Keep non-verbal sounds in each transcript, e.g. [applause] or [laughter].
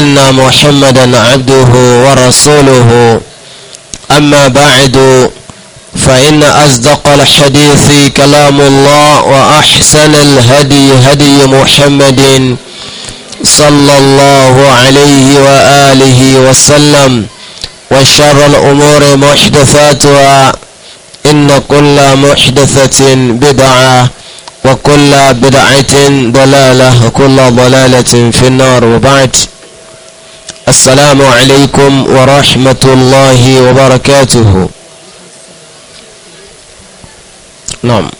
أن محمدا عبده ورسوله أما بعد فإن أصدق الحديث كلام الله وأحسن الهدي هدي محمد صلى الله عليه وآله وسلم وشر الأمور محدثاتها إن كل محدثة بدعة وكل بدعة ضلالة وكل ضلالة في النار وبعد السلام عليكم ورحمة الله وبركاته نعم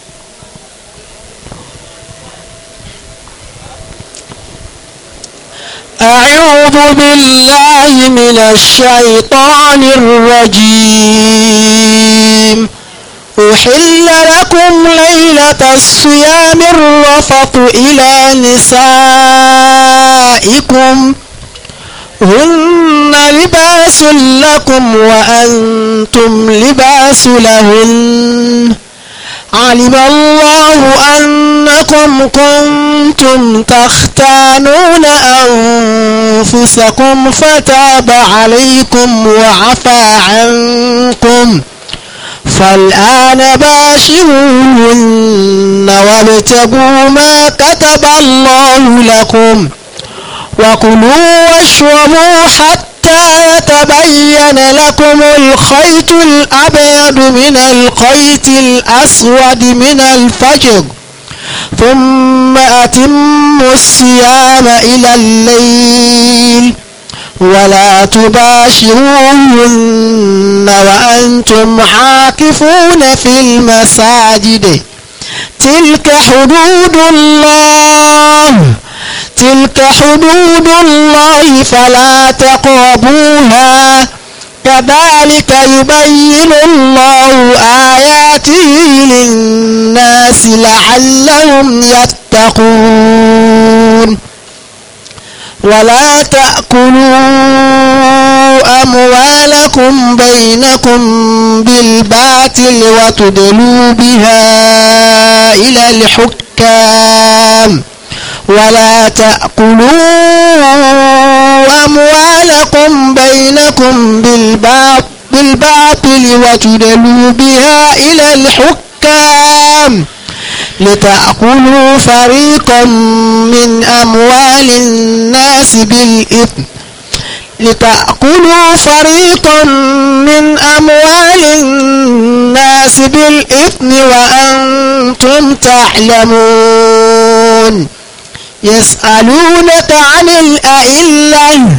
أعوذ بالله من الشيطان الرجيم أحل لكم ليلة الصيام الرفط إلى نسائكم هن لباس لكم وأنتم لباس لهن علم الله أنكم كنتم تختانون أنفسكم فتاب عليكم وعفى عنكم فالآن باشرون وابتغوا ما كتب الله لكم وكلوا واشربوا حتى يتبين لكم الخيط الأبيض من الخيط الأسود من الفجر ثم أتموا الصيام إلى الليل ولا تباشرون وأنتم عاكفون في المساجد تلك حدود الله تلك حدود الله فلا تقربوها كذلك يبين الله آياته للناس لعلهم يتقون ولا تأكلوا أموالكم بينكم بالباطل وتدلوا بها إلى الحكام ولا تأكلوا أموالكم بينكم بالباطل وتدلوا بها إلى الحكام لتأكلوا فريقا من أموال الناس بالإثم لتأكلوا فريقا من أموال الناس بالإثم وأنتم تعلمون يسألونك عن الأئلة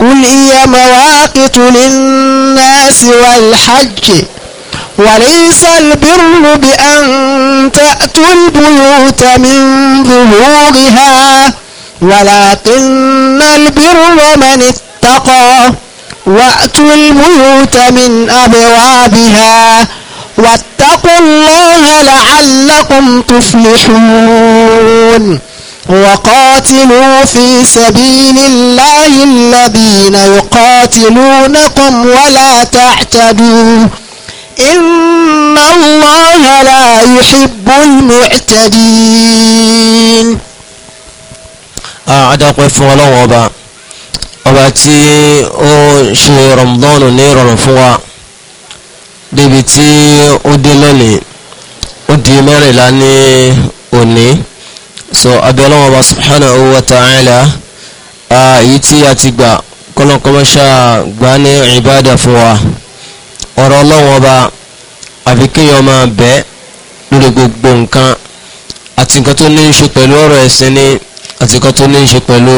قل هي مواقت للناس والحج وليس البر بأن تأتوا البيوت من ظهورها ولكن البر من اتقى وأتوا البيوت من أبوابها واتقوا الله لعلكم تفلحون وقاتلوا في سبيل الله الذين يقاتلونكم ولا تعتدوا إن الله لا يحب المعتدين أعدق فún Ọlọ́run ọba ọba tí ó ṣe rọmọdọ́nù ní ìrọ̀rùn fún wa débi tí ó dé lónìí ó di mẹ́rìnlá ní òní so abẹ́ọ́lọ́wọ́ ọba subhanahu wa ta'ala èyí tí a ti gbà kọ́lọ́kọ́mọ́ṣá gbá ní ìbáàdà fún wa ọ̀rọ̀ ọlọ́wọ́ ọba àfikínyàn máa bẹ́ lórí gbogbo nǹkan àti nǹkan tó ní í ṣe pẹ̀lú ọ̀rọ̀ ẹ̀sìn ni àti nǹkan tó ní í ṣe pẹ̀lú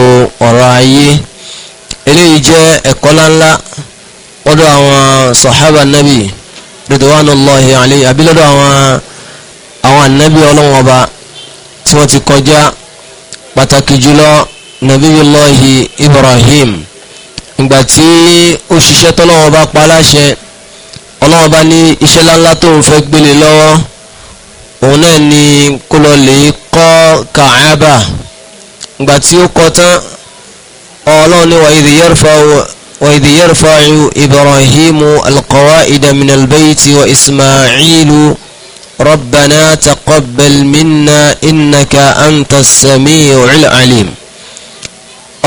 ọ̀rọ̀ ayé eléyìí jẹ́ ẹ̀kọ́ láńlá lọ́dọ̀ àwọn sọ̀hábà nábì ridwanullahi alayhi àbí lọ́dọ̀ àwọn àwọn ànábì ọlọ́wọ́ ọba tí wọ́n ti kọjá pàtàkì jùlọ nabiyullahi ibrahim ìgbà tí ó ṣiṣẹ́ tọ́lọ́wọ́n bá pa láṣẹ ọlọ́wọ́n bá ní iṣẹ́ láńlá tó ń fẹ́ gbélé lọ́wọ́ òun náà ni kó lọ lè kọ́ kàábà ìgbà tí ó kọ́ tán ọlọ́run ní wa idh yarfa'u wa idh yarfa'u ibrahimu alqawa'ida min albayti wa تقبل منا إنك أنت السميع العليم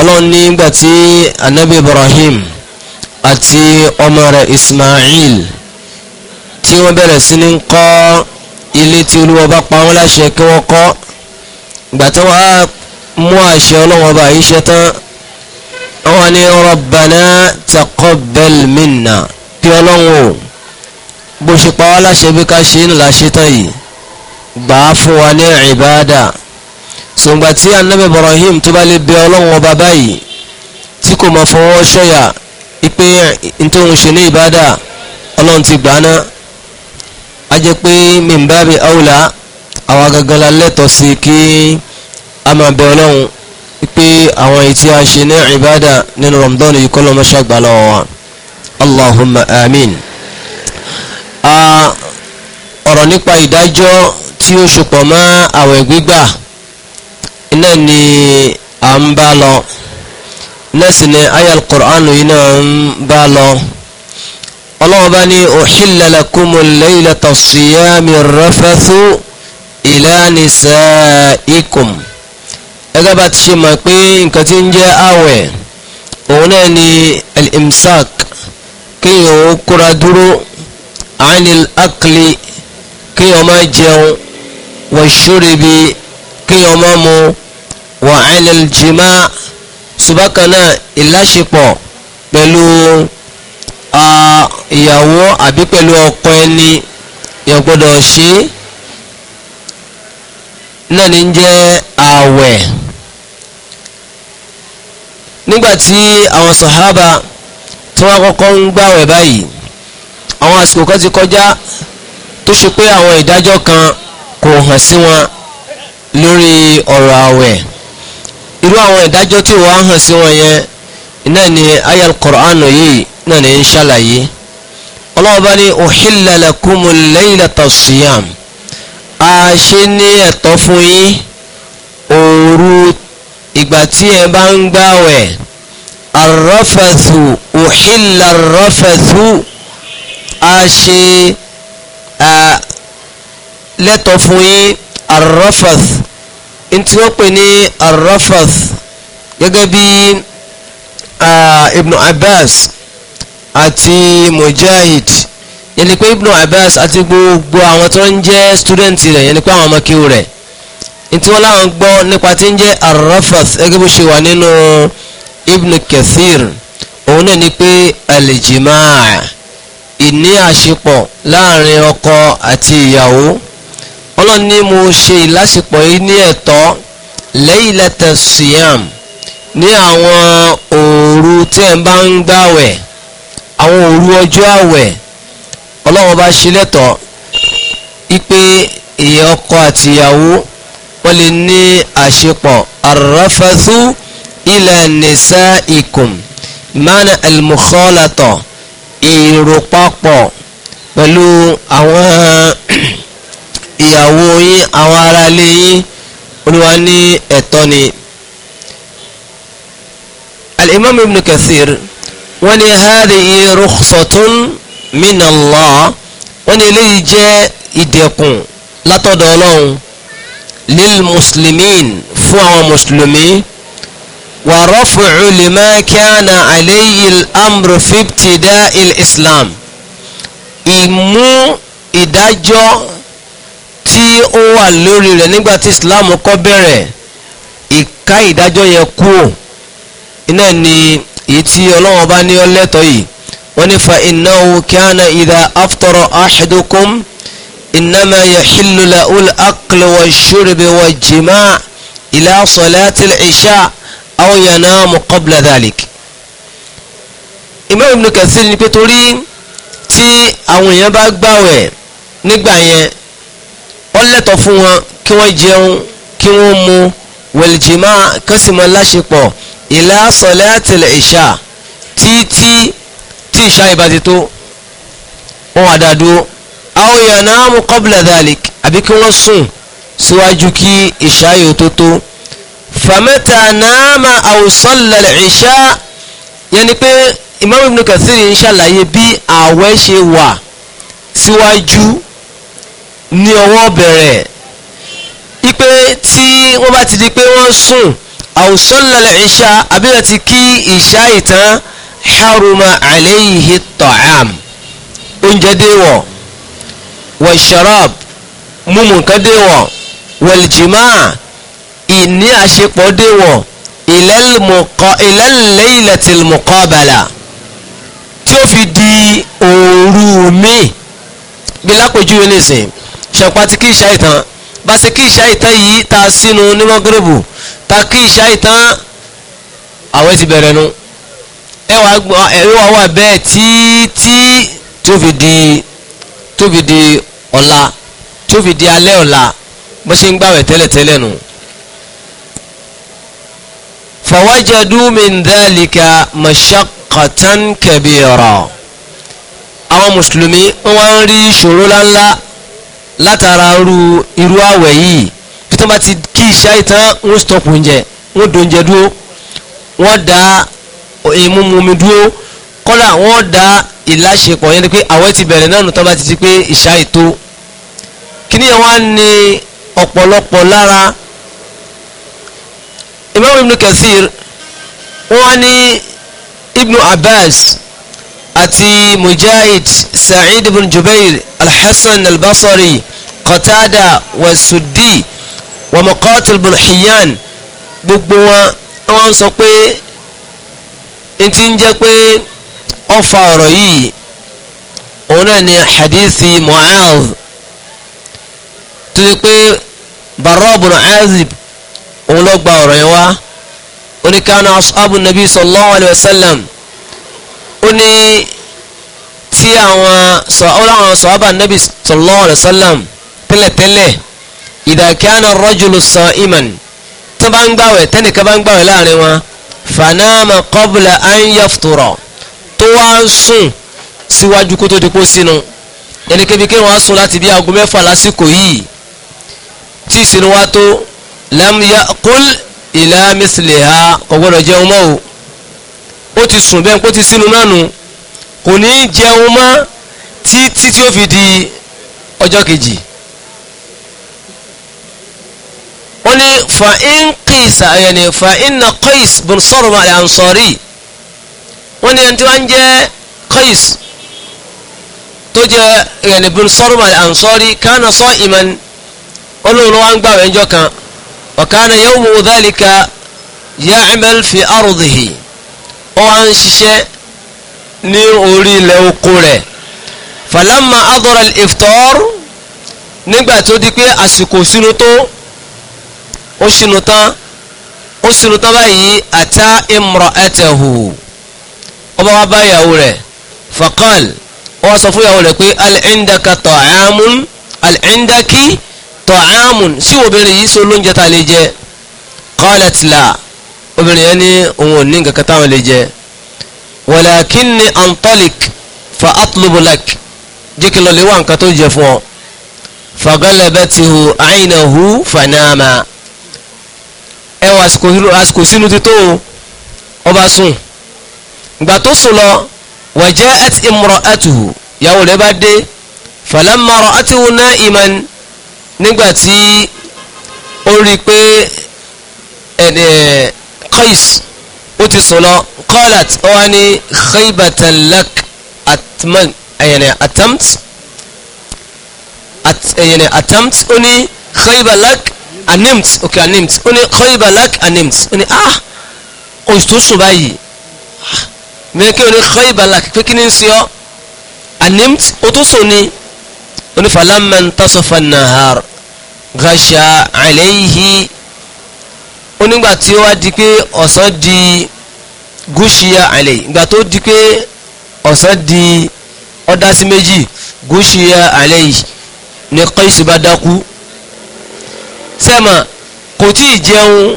ọlọ́run ní ìgbà tí anabi ibrahim àti ọmọ rẹ̀ ismail tí wọ́n bẹ̀rẹ̀ sí ní kọ́ ilé tí olúwa bá pa wọ́n láṣẹ kí wọ́n kọ́ ìgbà tí wọ́n á mú àṣẹ ọlọ́run ọba yìí ṣe tán wọ́n ní rabbana taqabbal minna kí ọlọ́run o bó ṣe pa wọ́n láṣẹ bí ká ṣe ń là tán yìí gbà á fún wa ní ìbáadà sọ̀ngbà tí anabi ibrahim tó bá lè bẹ ọlọ́run ọba báyìí tí kò máa fọwọ́ sọ̀yà ipe nítorí ṣe ní ìbáadà ọlọ́run ti gbà á a jẹ́ pé mímbàbí aula àwa gangan la lẹ́tọ̀ọ́ sí kí a máa bẹ ọlọ́run ipe àwọn èyí tí a ṣe ní ìbáadà nínú ramadan yìí kọ́ ló máa ṣàgbà lọ́wọ́ wa allahumma amin ọ̀rọ̀ nípa ìdájọ́ tí ó sopọ̀ mọ́ àwẹ̀ gbígbà iná ni à ń bá lọ nẹ́sì ni ayal qur'an yìí náà ń bá lọ ọlọ́wọ́ bá ní uhilla lakumu laylata siyami rafathu ila nisaikum ẹgbẹ́ bá ti ṣe mọ̀ pé nǹkan tí ń jẹ́ àwẹ̀ òun náà ni al-imsak kéèyàn ó kóra dúró anil akli kéèyàn má jẹun والشرب kí ọmọ mu wà ánìlìjìmá subakana ìlàṣepọ̀ pẹ̀lú ìyàwó àbí pẹ̀lú ọkọ ẹni yẹn gbọ́dọ̀ ṣe náà ní jẹ́ ààwẹ̀ nígbàtí àwọn sàhábà tí wọ́n kọ́kọ́ ń gbàwẹ̀ báyìí àwọn àsìkò kan ti kọjá tó ṣe pé àwọn ìdájọ́ kan kò hàn sí wọn lórí ọ̀rọ̀ àwẹ̀ irú àwọn ìdájọ́ tí wọ́n hàn sí wọn yẹn náà ni aya al-Qur'an yìí náà ni ń ṣàlàyé ọlọ́wọ́ ní uhilla lakumul laylata siyam a ṣe ní ẹ̀tọ́ fún yín òru ìgbà tí ẹ bá ń gbàwẹ̀ arrafathu uhilla arrafathu a ṣe lẹ́tọ̀ fún yín arrafath ntí wọ́n pè ní arrafath gẹ́gẹ́ bí ibnu abbas àti mujahid yẹn ni pé ibnu abbas àti gbogbo àwọn tó ń jẹ́ stúdẹ̀ntì rẹ̀ yẹn pé àwọn ọmọ kí rẹ̀ ntí wọ́n láwọn gbọ́ nípa tí ń jẹ́ arrafath gẹ́gẹ́ bó ṣe wà nínú ibnu kathir òun náà ni pé alìjìmáà ìní àṣepọ̀ láàrin ọkọ àti ìyàwó ọlọ́run ní mo ṣe ìlàsìpọ̀ yìí ní ẹ̀tọ́ laylata siyam ní àwọn òru tí ẹ̀ ń bá ń gbàwẹ̀ àwọn òru ọjọ́ àwẹ̀ ọlọ́run bá ṣe lẹ́tọ̀ ipe ìyẹn ọkọ àti ìyàwó wọ́n lè ní àṣepọ̀ arrafathu ila nisaikum mana al-mukhalata papọ̀ pẹ̀lú àwọn ìyàwó yín àwọn ará ilé yín olúwa ní ẹ̀tọ́ ni. al-imam ibn kathir wọ́n ní hadhihi rukhsatun min Allah wọ́n ní eléyìí jẹ́ ìdẹ̀kùn látọ̀dọ̀ ọlọ́run lil muslimin fún àwọn mùsùlùmí wa raf'u lima kana alayhi al-amr fi ibtida'i islam ìmú ìdájọ́ tí ó wà lórí rẹ̀ nígbà tí islam kọ́ bẹ̀rẹ̀ ìka ìdájọ́ yẹn kúò iná ni èyí tí ọlọ́wọ́n bá ní ọlẹ́tọ̀ yìí wọ́n ní fa innahu kana idha aftara ahadukum innama yahillu lahu al-aklu wash-shurbu wal-jima' ila salati al-isha aw yanamu qabla dhalik. Imam Ibn Kathir ni pé torí tí àwọn èèyàn bá gbàwẹ̀ nígbà yẹn ọlẹ́tọ̀ fún wọn kí wọ́n jẹun kí wọ́n mu wẹ̀lìjìmá kásìmọ́ láṣepọ̀ ìlà sọ̀lẹ́tìlẹ̀ ìṣà títí tí ìṣà ìbàdí tó wọn wà dáadúró àwọn èèyàn náà mú qabla dhalik àbí kí wọ́n sùn síwájú kí ìṣà yóò tó tó fàmẹ́ta náà máa àwòsànlẹ̀ ìṣà yẹn ni pé Imam Ibn Kathir ń ṣàlàyé bí àwẹ̀ ṣe wà síwájú. Si ní ọwọ́ bẹ̀rẹ̀ ipe tí wọ́n bá ti di pé wọ́n sùn àwùsọ́lẹ̀lẹ̀ ìṣá àbíyàn ti kí ìṣá ìtàn haruma alayhi ta'am oúnjẹ déwọ̀ wal sharab múmu nǹkan déwọ̀ wal jimaa ìní àṣepọ̀ déwọ̀ ilal laylatil muqabala tí ó fi di òru mi bí lápèjúwe nìsín ṣẹ̀pá ti kí ìṣá ìtàn bá ṣe kí ìṣá ìtàn yìí ta sínú ní mọ́gírèbù ta kí ìṣá ìtàn àwẹ̀ ti bẹ̀rẹ̀ nu ẹwà wà bẹ́ẹ̀ títí tó fi di tó fi di ọ̀la tó di alẹ́ ọ̀la bó ṣe ń gbàwẹ̀ tẹ́lẹ̀tẹ́lẹ̀ nu. fawajadu min dhalika mashaqqatan kabira àwọn mùsùlùmí wọ́n ń rí ìṣòro láńlá látara irú irú àwẹ̀ yìí bí tó bá ti kí iṣẹ́ ìtàn wọ́n stop oúnjẹ wọ́n do oúnjẹ dúró wọ́n da ìmúmumi dúró kọ́dà wọ́n da ìláṣepọ̀ yẹn ni pé àwẹ̀ ti bẹ̀rẹ̀ náà nù tó bá ti di pé iṣẹ́ ìtó kíníyàn wá ní ọ̀pọ̀lọpọ̀ lára Imam Ibn Kathir wọ́n ní Ibn Abbas àti mujahid sa'id ibn jubair alhassan albasari qatada wa suddi wa muqatil ibn hiyan gbogbo wọn wọ́n sọ pé n ti ń jẹ́ pé ọfà ọ̀rọ̀ yìí òun náà ni hadithi mu'adh tó ti pé barra ibn òun ló gba ọ̀rọ̀ yẹn wá oníkanu ashabu nabi sallallahu alayhi wa sallam ó ní tí àwọn ọlọ́run sọ̀hábà nẹ́bí sallallahu alaihi wasallam tẹ́lẹ̀tẹ́lẹ̀ idha kana ar-rajulu sa'iman tó bá ń gbàwẹ̀ tẹ́nìkan bá ń gbàwẹ̀ láàrin wọn fanama qabla an yaftura tó wá ń sùn síwájú kó tó di pó sínú ẹnikẹ́bi kí wọ́n á sùn láti bí aago mẹ́fà lásìkò yìí tí ìsinú wa tó lam yaqul ila misliha kò gbọ́dọ̀ jẹun mọ́ o ó ti sùn bẹ́ẹ̀ kó ti sínú náà nù kò ní jẹun mọ́ títí tí ó fi di ọjọ́ kejì wọ́n ní fa'in qisa yẹni fa'in na qais bin Sarma al-Ansari wọ́n ní ẹni tí wọ́n ń jẹ́ qais tó jẹ́ yẹni bin Sarma al-Ansari kana sa'iman olóòrùn wa ń gbàwé ẹjọ́ kan wa kana yawmu dhalika ya'mal fi ardihi ó wá ń ṣiṣẹ́ ní orí ilẹ̀ oko rẹ̀ falama adọ́ra iftar nígbà tó di pé àsìkò sínú tó ó sínú tán ó sínú tán báyìí ata imra'atahu ó bá wá bá ìyàwó rẹ̀ faqal ó wá sọ fún ìyàwó rẹ̀ pé al-indaka ta'amun al sí obìnrin yìí sí olóúnjẹ tá a lè jẹ qalat obìnrin yẹn ní òun ò ní nǹkan kan táwọn lè jẹ walakinni antalik fa atlubu lak jẹ́ kí n lọ lè wá nǹkan tó jẹ fún ọ fagalabatihu aynahu fanama ẹ wọ àsìkò sínú ti ọba sùn gbà tó sùn lọ waja'at imra'atuhu ìyàwó rẹ̀ bá dé falamma ra'atuhu na'iman nígbà tí ó rí i pé ẹ̀ẹ́dẹ̀ẹ́. Qais ó ti sùn lọ qalat ó wá ní khaybatan lak atman ẹ̀yẹ̀nẹ̀ attempt ẹ̀yẹ̀nẹ̀ attempt ó ní khayba lak animt ok animt ó ní khayba lak animt ó ní ah oṣù tó sùn báyìí ah, mẹ́kẹ́ ó ní khayba lak pé kí ni ń sọ animt ó tó sùn ni ó ní falamma nahar gasha alayhi ó nígbà tí ó wá di pé ọ̀sán di gúúsìyà àlẹ́ ìgbà tó di pé ọ̀sán di ọ̀dá sí méjì gúúsìyà àlẹ́ yìí ní Qaisi bá dákú sẹ́mà kò tí ì jẹun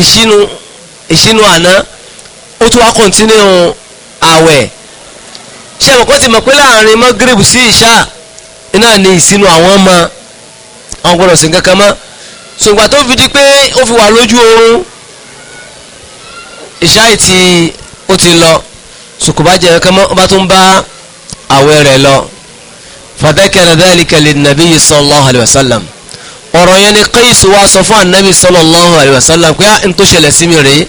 ìṣínú ìṣínú àná ó tún wá kọ̀ntínú àwẹ̀ sẹ́mà kó ti mọ̀ pé láàrin Magrib sí ìṣá iná ní ìṣínú àwọn ọmọ àwọn sí kankan mọ́ sògbà tó fi di pé ó fi wà lójú oorun ìṣáì tí ó ti lọ sùkùbá jẹ kẹmọ ọba tó ń bá àwẹ̀ rẹ̀ lọ fadhakara dhalika linnabi sallallahu alayhi wa sallam ọ̀rọ̀ yẹn ni Qais wa sọ fún anabi sallallahu alayhi wa pé ah, n tó ṣẹlẹ̀ sí mi rèé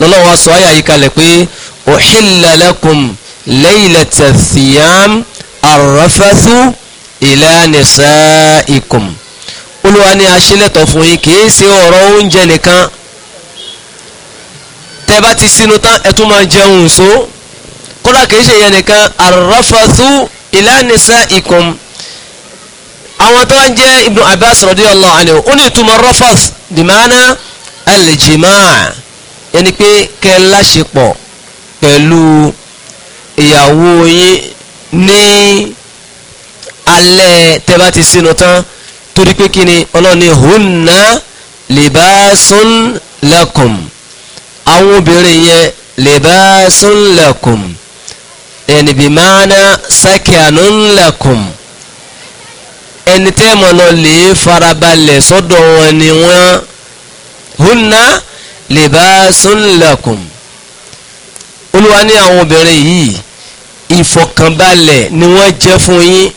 lọ́lọ́wọ́ sọ ayé àyíkalẹ̀ pé uhilla lakum laylata thiyam arrafathu olúwa ní aṣílẹ̀tọ̀ fún yín kì í ṣe ọ̀rọ̀ oúnjẹ nìkan tẹ bá ti sínú tán ẹ tún máa jẹun nso kódà kì í ṣe yẹn nìkan arrafathu ila nisaikum àwọn tó ń jẹ́ ibnu abbas radiyallahu anhu ó ní ìtumọ̀ rafath dìmánà alìjìmáà ẹni pé kẹ́ láṣepọ̀ pẹ̀lú ìyàwó yín ní alẹ́ tẹ bá ti sínú tán torí pé kí ni ọlọ́ni hunna libasun lakum àwọn obìnrin yẹn libasun lakum ẹni bí maana sakianun lakum ẹni tẹ́ mọ̀ lọ lè farabalẹ̀ sọ́dọ̀ wọn ni wọ́n hunna libasun lakum olúwa ní àwọn obìnrin yìí ìfọ̀kànbalẹ̀ ni wọ́n jẹ́ fún yín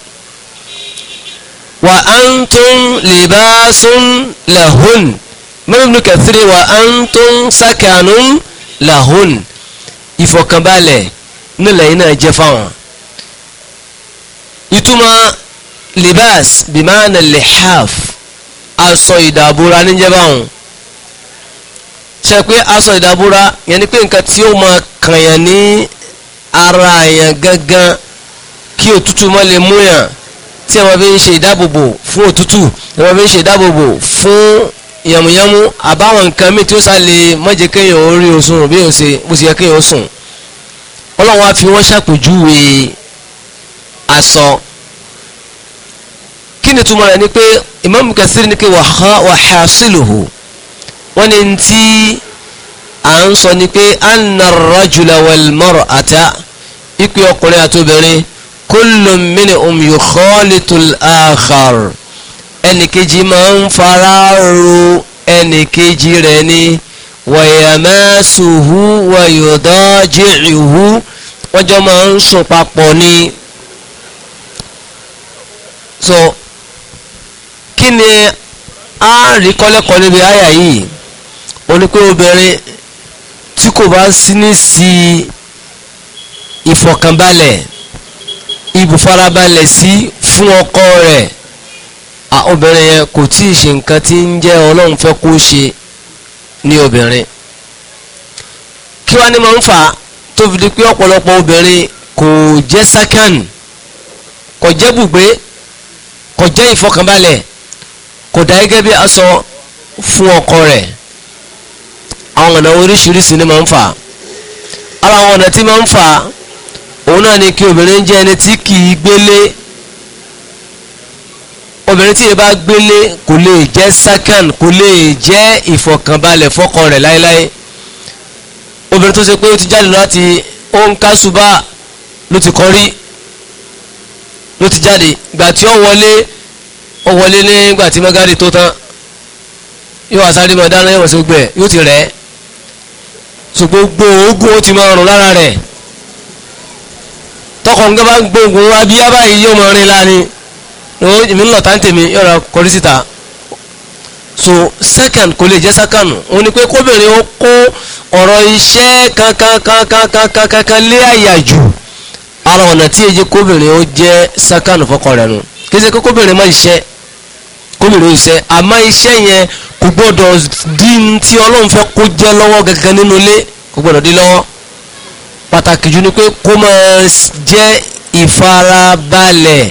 وأنتم لباس libasun lahun mẹ́rin ní kẹsìrì wa antum sakanun lahun ìfọ̀kànbalẹ̀ nílẹ̀ yìí náà jẹ́ fáwọn. ìtumọ̀ libas bimana lihaf aṣọ ìdàbúra níjẹ́ báwọn ṣe pé aṣọ ìdàbúra yẹn ni pé nǹkan tí ó máa kàn yàn ní ara yẹn gangan kí òtútù má lè mú tí a máa fi ń ṣe ìdáàbòbò fún òtútù tí a máa fi ń ṣe ìdáàbòbò fún yàmùyàmù àbáwọn nǹkan mi tí ó sálẹ̀ mọ́jẹ kéèyàn ó rí oṣù bí yóò ṣe bó ṣe yẹ kéèyàn ó sùn ọlọ́run á fi wọ́n ṣàpèjúwe aṣọ kí ni túmọ̀ rẹ̀ ni pé Imam Kasir ní kí wà ha sílùhù wọ́n ní tí à ń sọ ni pé anna ar-rajula wal mar'ata ìpè ọkùnrin àti obìnrin kullu minhum yukhalitul akhar ẹnìkejì máa ń fara ro ẹnìkejì rẹ̀ ni wa yamasuhu wa yudaji'uhu wọ́n máa ń sùn papọ̀ ni. so kí ni a rí kọ́lẹ́kọ́ níbi àyà yìí ó ní pé obìnrin tí kò bá sí ní sí ìfọ̀kànbalẹ̀. Si ibùfarabalẹ̀ sí fún ọkọ rẹ̀ obìnrin yẹn kò tí ì ṣe nǹkan tí ń jẹ́ ọlọ́run fẹ́ kó ṣe ní obìnrin kí wá ní máa ń fà á tó fi di pé ọ̀pọ̀lọpọ̀ obìnrin kò jẹ́ sákàn kò jẹ́ bùgbé kò jẹ́ ìfọkànbalẹ̀ kò dá gẹ́gẹ́ bí aṣọ fún ọkọ rẹ̀ àwọn ọ̀nà oríṣiríṣi ni máa ń fà á ara àwọn ọ̀nà tí máa ń fà á òun náà ni kí obìnrin jẹ́ ẹni tí kì í gbélé obìnrin tí ì bá gbélé kò lè jẹ́ sakan kò lè jẹ́ ìfọ̀kànbalẹ̀ fọ́kọ rẹ̀ láéláé obìnrin tó ṣe pé ó ti jáde láti ó ń kásùbà ló ti kọrí ló ti jáde ìgbà tí ó wọlé ó wọlé nígbà tí mọ́gàdì tó tán yóò wá sáré dáná yóò wọ́n gbẹ yóò ti rẹ̀ ṣùgbọ́n gbogbo ó ti máa rùn lára rẹ̀ tọkọ nǹkan bá ń gbógun wá bí yábà yìí yóò mọ rin lani lọ tá ń tèmi so second kò lè jẹ́ sákànù òun ni pé kóbìnrin ó kó ọ̀rọ̀ iṣẹ́ kankankankankankan lé àyà jù ara ọ̀nà tí èyí kóbìnrin ó jẹ́ sákànù fọkọ rẹ̀ nù kí ṣe kóbìnrin má iṣẹ́ kóbìnrin iṣẹ́ àmọ́ iṣẹ́ yẹn kò gbọ́dọ̀ dín tí ọlọ́run fẹ́ kó jẹ́ lọ́wọ́ gẹ́gẹ́ nínú ilé kò gbọ́dọ̀ dín lọ́wọ́ pàtàkì jù ni pé kó máa jẹ́ ìfarabalẹ̀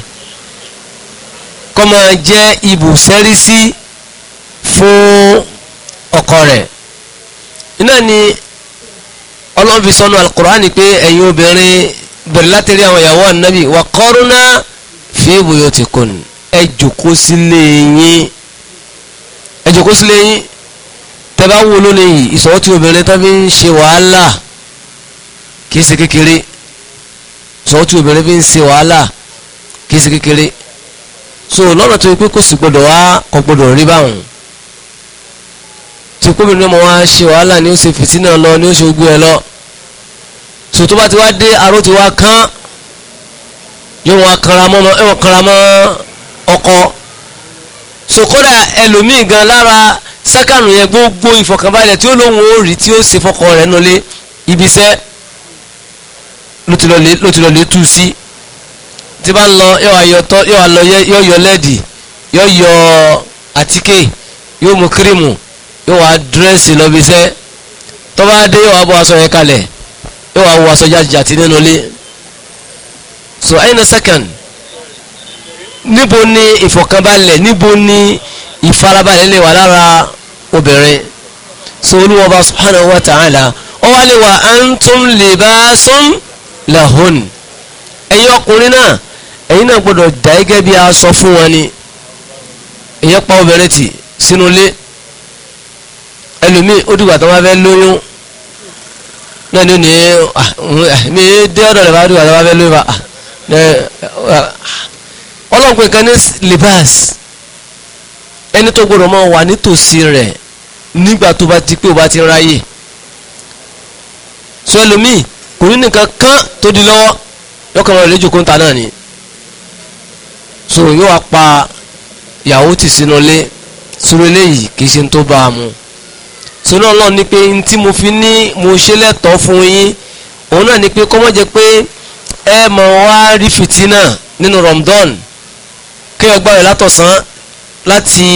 kó máa jẹ́ ibùsẹ́rísí fún ọkọ rẹ̀ iná ni ọlọ́run fi sọnù alukur'ani pé ẹ̀yin obìnrin bẹ̀rẹ̀ láti rí àwọn ìyàwó ànábì wà kọ́rùnà fi buyutikun ẹ jòkó sílé yín ẹ jòkó sílé yín tẹ́ bá wúlò lẹ́yìn ìsọ̀wọ́ tí obìnrin tó fi ń ṣe wàhálà kìí ṣe kékeré sọ tí obìnrin fi ń ṣe wàhálà kìí kékeré so lọ́nà tó yẹ pé kò sì gbọdọ̀ wá kò gbọdọ̀ rí báwọn tí kóbìnrin ọmọ wa ṣe wàhálà ni ó ṣe fìtínà lọ ni ó ṣe ogun ẹ lọ so tó bá ti wá dé aró ti wá kán yóò wá kanra mọ́ ẹ̀wọ̀n kanra mọ́ ọkọ so kódà ẹlòmíì gan lára sákànù yẹn gbogbo ìfọ̀kànbalẹ̀ tí ó lóun ó rí tí ó ṣe fọkọ rẹ̀ nulẹ̀ ibiṣẹ́ ló ti lọ lè tú sí tí bá ń lọ yóò ayọ tọ yóò alọ yóò yọ lẹ́ẹ̀dì yóò yọ àtíkè yóò mú kírímù yóò wá dírẹ́sì lọ́bíṣẹ́ tó bá dé yóò wá bọ́ aṣọ yẹn kalẹ̀ yóò wá wọ aṣọ jàjàtì nínú ilé so aina second níbo ni ìfọ̀kànbalẹ̀ níbo ni ìfarabalẹ̀ lè wà lára obìnrin so olúwa bá subhanahu wa ta'ala ọ wá lè antum libasun lahun ẹ̀yin ọkùnrin náà ẹ̀yin náà gbọ́dọ̀ dà gẹ́gẹ́ bí a sọ fún wọn ni ìyẹn pa obìnrin tì sínú ilé ẹlòmíì ó dìgbà tó máa fẹ́ lóyún náà ni ó ní ah, ah, mi dé ọ̀dọ̀ rẹ̀ bá dìgbà tó máa fẹ́ lóyún bá ah, ọlọ́pàá nǹkan ní libas ẹni tó gbọdọ̀ máa wà nítòsí rẹ̀ nígbà tó bá ti pé o bá ti ráyè sọ ẹlòmíì kò ní nìkan kán tó di lọ́wọ́ yọkàn lójú kóńtà náà ni so yóò wá pa ìyàwó tì sínú ilé sórí eléyìí kì í ṣe tó bá a mu sórí ọlọ́run ni pé tí mo fi ní mo ṣe lẹ́tọ̀ọ́ fún yín òun náà ni pé kọ́mọ́ jẹ́ pé ẹ mọ̀ wá rí fìtínà nínú Ramadan kí ẹ gbá rẹ̀ látọ̀sán láti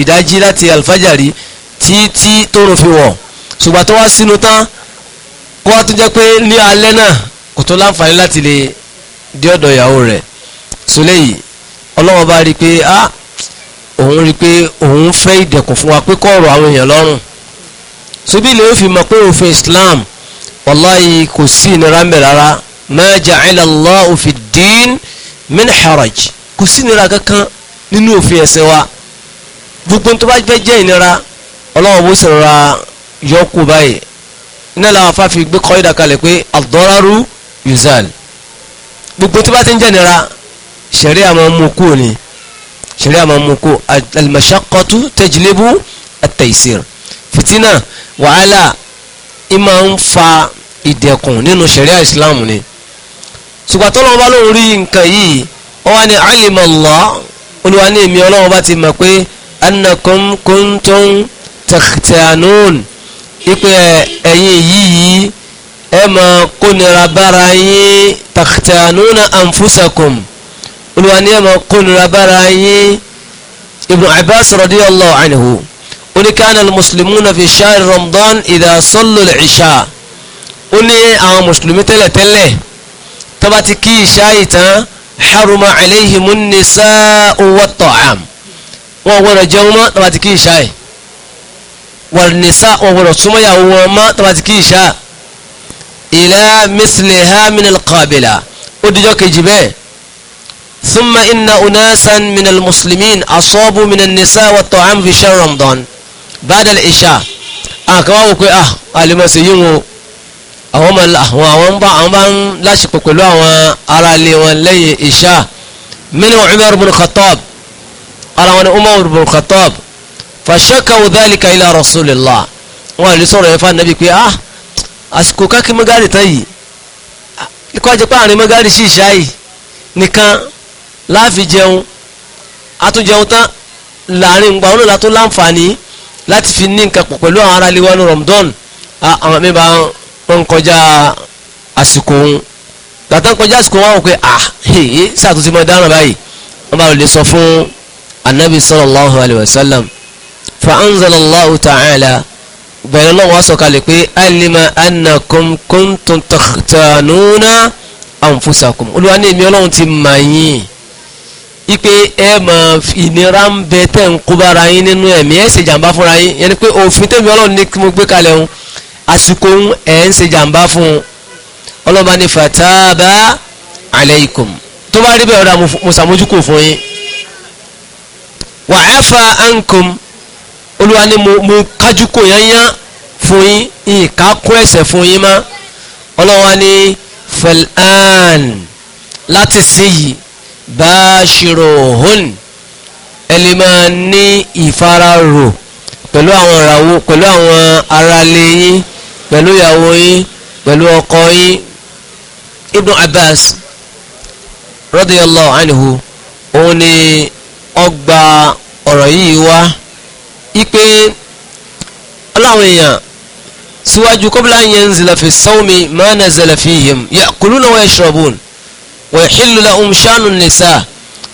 ìdájí láti alfajari tí tí tó rò fi wọ̀ ṣùgbọ́n tó wá sínú tán kó wá tún jẹ́ pé ní alẹ́ náà kò tó láǹfààní láti lè dé ọ̀dọ̀ ìyàwó rẹ̀ sólè yìí ọlọ́wọ́n bá rí i pé a ah, òun rí i pé òun fẹ́ ìdẹ̀kùn fún wa pé kọ́ ọ̀rọ̀ àwọn èèyàn lọ́rùn sóbì lè fi mọ̀ pé òfin Islam wàláyé kò sí ìnira ń bẹ̀ rárá ma ja'ala Allahu fi ddin haraj kò sí ìnira kankan nínú òfin ẹ̀sìn wa gbogbo tó bá fẹ́ jẹ́ ìnira ọlọ́wọ́n bó sì yọkù báyìí iná làwọn afáfi gbé kọ́ ìdàkalẹ̀ pé àdọ́rárú yuzal gbogbo tó bá ti ń jẹ́nira ṣẹ̀rí àmọ́ mú kú ni ṣẹ̀rí àmọ́ mú kú al-mashaqqatu tajlibu at-taysir fìtínà wàhálà ìmọ̀ ń fa ìdẹ̀kùn nínú ṣẹ̀rí islam ni ṣùgbọ́n tó lọ́wọ́ bá lóun rí nǹkan yìí ó wá ní alima olúwa ní èmi ọlọ́wọ́ bá ti mọ̀ pé annakum kuntum ipe ẹ̀yin yìí ẹ máa kónira bára yín takhtanuna anfusakum olùwà ni ẹ máa kónira bára yín ibn abbas radiyallahu anhu ó ní kana al-muslimuna fi shahr ramadan idha sallu al-isha ó ní àwọn mùsùlùmí tẹ́lẹ̀tẹ́lẹ̀ tó ti kí ìṣá ìtàn haruma alayhimun nisaa wa ta'am wọn ò gbọdọ̀ jẹun mọ́ tó ti kí ìṣá yìí. والنساء وغلطهم يا وما تبتكيشا إلى مثلها من القابلة أدجوك جبه ثم إن أناسا من المسلمين أصابوا من النساء والطعام في شهر رمضان بعد العشاء أكواه كي أه قال ما سيجو أهما الله وأهما أهما لا شك كل واحد لي ولي إشاء من عمر بن الخطاب أرى من عمر بن الخطاب fàṣẹkàwò dhalika ila rasulillah wọn lè sọ̀rọ̀ yẹn fún anabi pé ah àsìkò kákí mọ́gàrì tán yìí ikọ́ ajẹ́pá àárín mọ́gàrì sí ìṣá yìí nìkan láàfin jẹun àtúnjẹun tán láàrin ìgbà wọn látún láǹfààní láti fi ní nǹkan pọ̀ pẹ̀lú àwọn ará ilé wọn Ramadan ah, àwọn mi bá wọn kọjá àsìkò òun gbàtà kọjá àsìkò wọn wò pé ah ṣàtúntì mọ́ dáràn báyìí wọn bá lè sọ fún anabi sallallahu alayhi wa sallam. فأنزل الله تعالى bẹ̀rẹ̀ lọ́wọ́ wá sọ̀kalẹ̀ pé alima annakum kuntum takhtanuna anfusakum olúwa ní èmi ọlọ́run ti mà yín ipe ẹ mà ìnira ń bẹ tẹ̀ ń kó bára yín nínú ẹ̀mí ẹ̀ ṣe jàǹbá fúnra yín yẹn ni pé òfin tẹ̀mí ọlọ́run ní kí mo gbé kalẹ̀ ń àsìkò ń ẹ̀ ń ṣe jàǹbá fún un ọlọ́ba ní fataba aleikum tó bá rí bẹ́ẹ̀ ọ̀dà mo ṣàmójúkò fún yín wa afa ankum olúwa ni mo kájú kò yányá fún yín ìka kún ẹ̀ṣẹ̀ fún yín mọ́ ọlọ́wà ni fẹ̀lán láti sí yìí bashiruhun ẹ lè máa ní ìfararò pẹ̀lú àwọn ìràwọ̀ pẹ̀lú àwọn aráalé yín pẹ̀lú ìyàwó yín pẹ̀lú ọkọ yín ibn abbas radiyallahu anhu òun ni ọgbà ọ̀rọ̀ yìí wá. ipe aláwọn èèyàn síwájú kọ́bílá yẹn ń zìlà fi sawmi ma nazala fihim ya'kuluna wa yashrabun wa yahillu lahum sha'nun nisa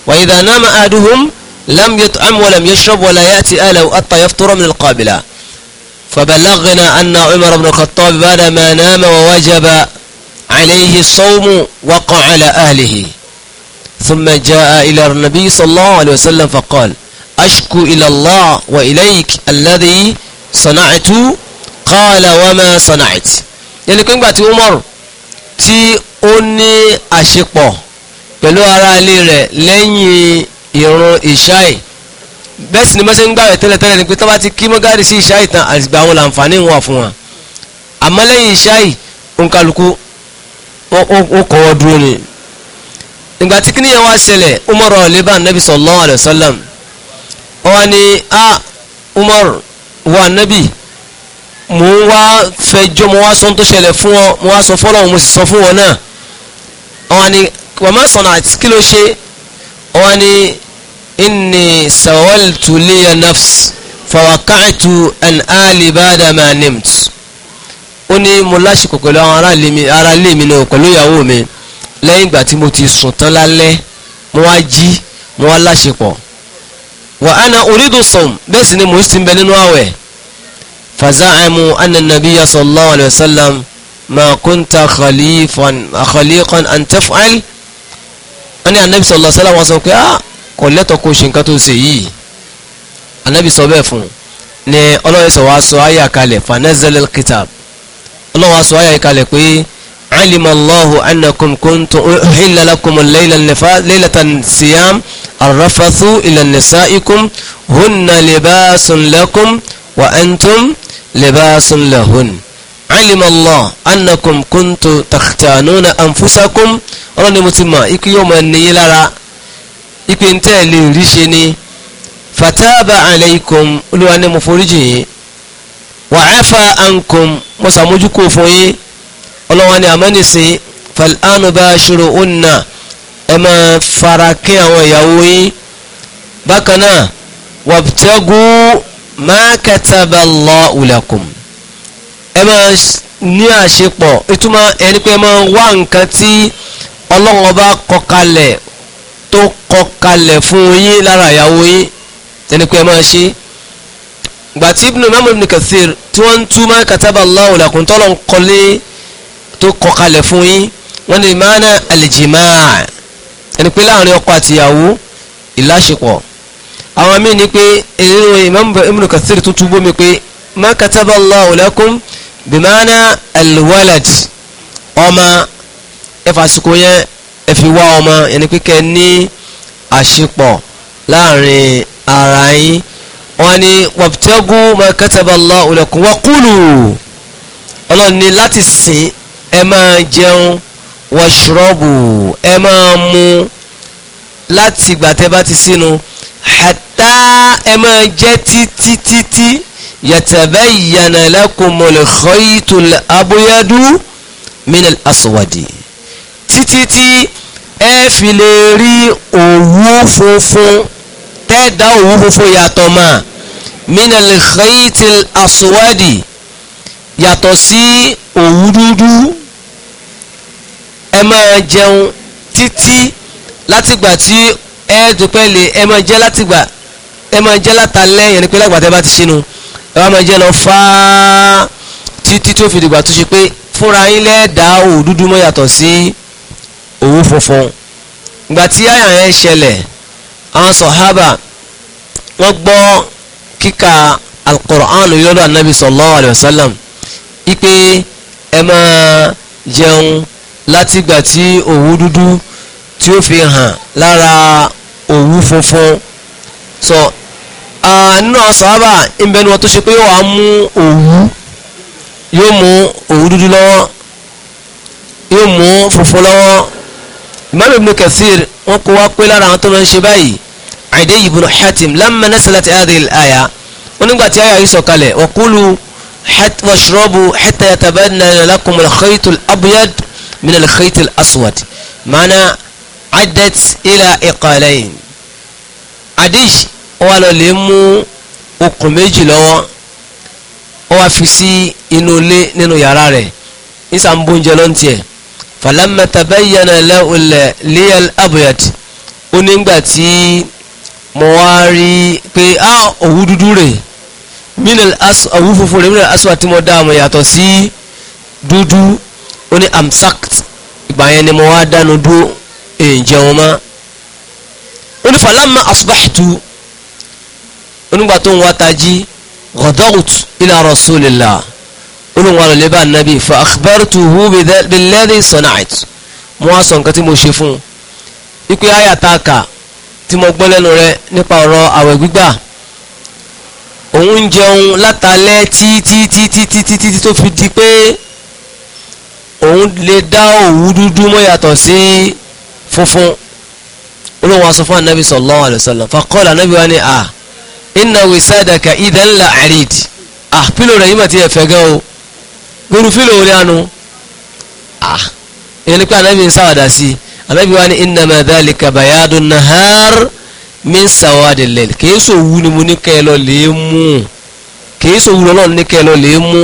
wa idha nama ahaduhum لم يطعم ولم يشرب ولا يأتي أهله حتى يفطر من القابلة فبلغنا أن عمر بن الخطاب بعدما نام ووجب عليه الصوم وقع على أهله ثم جاء إلى النبي صلى الله عليه وسلم فقال أشكو إلى الله وإليك الذي alladhi قال وما صنعت ma sana'tu yẹni pé ńgbà tí Umar tí ó ní àṣepọ̀ pẹ̀lú ara ilé rẹ̀ lẹ́yìn ìrun ìṣáì bẹ́ẹ̀ sì ni mọ́sẹ̀ ń gbàwẹ̀ tẹ́lẹ̀tẹ́lẹ̀ ni pé tọ́ba ti kí mọ́gàrí sí ìṣáì tán àtìgbà àwọn làǹfààní wà fún wa àmọ́ lẹ́yìn ìṣáì òǹkàlùkù ó kọ́wọ́ dúró ni ìgbà tí kíníyàn wá ṣẹlẹ̀ Umar ọ̀lẹ́bà Nabi sallallahu alaihi wasallam wọ́n ní a ah, Umar wa nabi mo ń wá fẹjọ́ mo wá sọ tó ṣẹlẹ̀ fún ọ mo wá sọ fọlọ́wọ́ mo sì sọ fún ọ náà wọ́n ní wàmọ́ sọ̀nà àti kí ló ṣe wọ́n ní inni sawaltu liya nafsi fawakaitu an ali bada ma nimt ó ní mo láṣepọ̀ pẹ̀lú àwọn ará ilé mi náà pẹ̀lú ìyàwó mi lẹ́yìn ìgbà tí mo ti sùn tán lálẹ́ mo wá jí mo wá láṣepọ̀ wà á na orídùn sọ̀m bẹ́ẹ̀ sì ni mò ń ti bẹ nínú àwẹ̀ fazaamu anna nabiya sallallahu alayhi wa sallam ma kunta khalifan akhaliqan an taf'al wọ́n ní anabi sallallahu alayhi wa sallam wọ́n sọ pé ah kò lẹ́tọ̀ kó ṣe nǹkan tó ṣe yìí anabi sọ bẹ́ẹ̀ fún ni ọlọ́run sọ wá sọ ayé àkàlẹ̀ fanazalil kitab ọlọ́run sọ ayé àkàlẹ̀ pé. علم الله أنكم كنتم أحل لكم الليلة ليلة الصيام الرفث إلى نسائكم هن لباس لكم وأنتم لباس لهن علم الله أنكم كنتم تختانون أنفسكم ọlọ́ni mo ti mọ̀ ikú yóò mọ ẹni yín lára ipe ń tẹ́ ẹ lè rí ṣe ni fataba alaykum olúwa ni mo foríjì yín wa afa ankum mo ṣàmójúkò fún yín ọlọ́wọ́n ni àmọ́ nìsín fal'anu bashiruunna ẹ máa fara kí àwọn ìyàwó yín bákan náà wabtagu ma kataballahu lakum ẹ máa ní àṣepọ̀ ìtumọ̀ ẹni pé ẹ máa wá nǹkan tí ọlọ́wọ́n bá kọ kalẹ̀ tó kọ kalẹ̀ fún yín lára ìyàwó yín ẹni pé ẹ máa ṣe gbàtí ibnu Imam Ibn Kathir tí wọ́n ń túmọ̀ kataballahu lakum tọ́lọ́ ń kọ́lé tó kọ kalẹ̀ fún yín wọ́n ní maana alìjìmáà ẹni pé láàrin ọkọ àtìyàwó ìláṣepọ̀ àwọn míì ní pé ìrírò ìmọ̀mùbọ̀ Ibn Kathir tó túbọ̀ mi pé ma kataba Allahu lakum bi maana alwalad ọmọ ẹfàsìkò yẹn ẹfi ọmọ ẹni pé kẹ́ ní àṣepọ̀ láàrin ara yín wọ́n ní wabtagu ma kataba Allahu lakum wa ọlọ́ni láti sìn ẹ máa jẹun washrabu ẹ máa mu láti ìgbà tẹ́ bá ti sínú hatta ẹ máa jẹ títí títí yatabayyana lakumul khaytul abyadu minal aswadi títí tí ẹ fi lè rí òwú funfun tẹ́ẹ̀dá òwú funfun yàtọ̀ máa minal khaytil aswadi yàtọ̀ sí òwú dúdú ẹ máa jẹun títí látìgbà tí ẹ dúpẹ́ lè ẹ máa jẹ látìgbà ẹ máa jẹ látàlẹ́ yẹn ni pé lágbàtà ẹ bá ti ṣinu ẹ wá máa jẹ lọ fáá títí tó fi dìgbà tó ṣe pé fúnra yín lẹ́ẹ̀dá òwú mọ́ yàtọ̀ sí òwú funfun ìgbà tí àyà yẹn ṣẹlẹ̀ àwọn sọ̀hábà wọ́n gbọ́ kíkà al lórí ọ̀dọ̀ anabi sallallahu alayhi wa sallam ipe ẹ máa jẹun látìgbà tí òwú dúdú tí ó fi hàn lára òwú funfun sọ nínú àwọn sàhábà ìbẹnu wọn tó ṣe pé yóò wá mú òwú yóò mú òwú dúdú lọ́wọ́ yóò mú funfun lọ́wọ́ Imam Ibn Kathir wọn kó wá pé lára àwọn tó lọ ń ṣe báyìí Adiy ibn Hatim lamma nasalat hadhihi al-aya wọn nígbà tí àyà yìí sọ̀kalẹ̀ wa kulu washrabu hatta yatabayyana lakum al-khayt al من الخيط الأسود معنى عدت إلى إقالين àdíṣ ó wá lọ lè mú okùn méjì lọ́wọ́ ó wá fi sí inú ilé nínú yàrá rẹ̀ ìsàmbó oúnjẹ ló ń tiẹ̀ falamma tabayyana lẹ́wọ̀lẹ̀ liyal abyad ó nígbà tí mo wá rí pé á òwú dúdú rẹ̀ minal asu òwú funfun rẹ̀ minal aswad tí mo dá àmọ̀ yàtọ̀ sí dúdú ó ní amsakt ìgbà yẹn ni mo wá dánu dúró èèjẹun mọ́ ó ní falama asubahtu onígbà tó ń wá tají ghadawt ila rasulillah olùwàlò lè bá nàbí fa akhbartu hu billadhi sana'at mo wá sọ nǹkan tí mo ṣe fún un wípé ayataka tí mo gbọ́ lẹ́nu rẹ nípa ọ̀rọ̀ àwẹ̀ gbígbà òun jẹun látàlẹ́ títí òun lè dá òwú dúdú mọ́ yàtọ̀ sí funfun olóhùn aṣọ fún anabi sallallahu alayhi wa sallam faqala anabi wa ni ah inna wisadaka idan la arid ah pílò rẹ̀ yìí mà ti yẹ fẹ́ gan o gbóru pílò orí àánú ah ìyẹn ni pé anabi ń sáwàdà sí anabi wa ni innama dhalika bayadu nahar min sawadi lel kìí sòwú ni mo ní kẹ́ ẹ lọ lè mú kìí sòwú lọ́nà ní kẹ́ ẹ lọ lè mú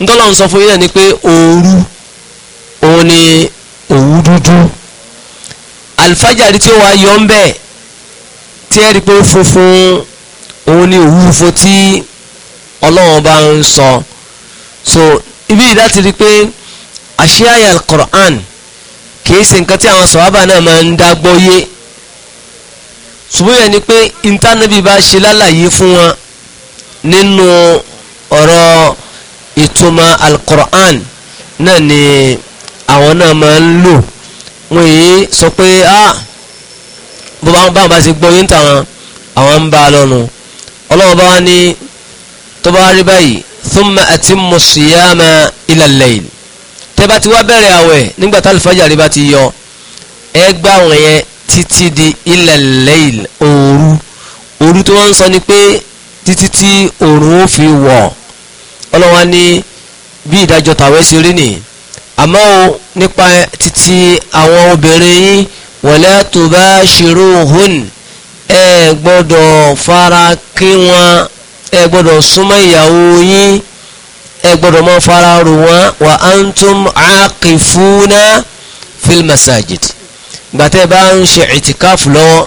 ntọ́lọ́ ń sọ fún yín náà ni pé òru òun ni òwú dúdú alifájàrí tí ó wá yọ ń bẹ̀ tí ẹ rí pé funfun òun ni òwú funfun tí ọlọ́wọ́n bá ń sọ so ibi yìí láti rí pé àṣeyàyà Al-Qur'an kìí ṣe nǹkan tí àwọn sọ̀hábà náà máa ń dá gbọ́yé ṣùgbọ́n yẹn ni pé intanẹ́bì bá ṣe lálàyé fún wọn nínú ọ̀rọ̀ ìtumọ̀ Al-Qur'an náà ni àwọn náà máa ń lò wọ́n yìí sọ pé ah bó bá wọn bá ti gbọ́ yín tàwọn àwọn ń bá a lọ́nu ọlọ́wọ́ bá wá ní tó bá rí báyìí thumma atimmu siyama ila al tẹ́ bá ti wá bẹ̀rẹ̀ àwẹ̀ nígbà tá àlùfájàrí bá ti yọ ẹ gbà yẹn títí di ila al òru òru tó wọ́n ń sọ ni pé títí tí òrùn ó fi wọ̀ ọlọ́wọ́ ní bí ìdájọ́ tàwẹ́ ṣe rí nìyí àmọ́ o nípa títí àwọn obìnrin yín wala tubashiruhun ẹ gbọ́dọ̀ fara kí wọn ẹ gbọ́dọ̀ súnmọ́ ìyàwó yín ẹ gbọ́dọ̀ mọ́ fara rò wọn wa antum aqifuna fil masajid gbàtẹ́ bá ń ṣe ìtìkáfù lọ́wọ́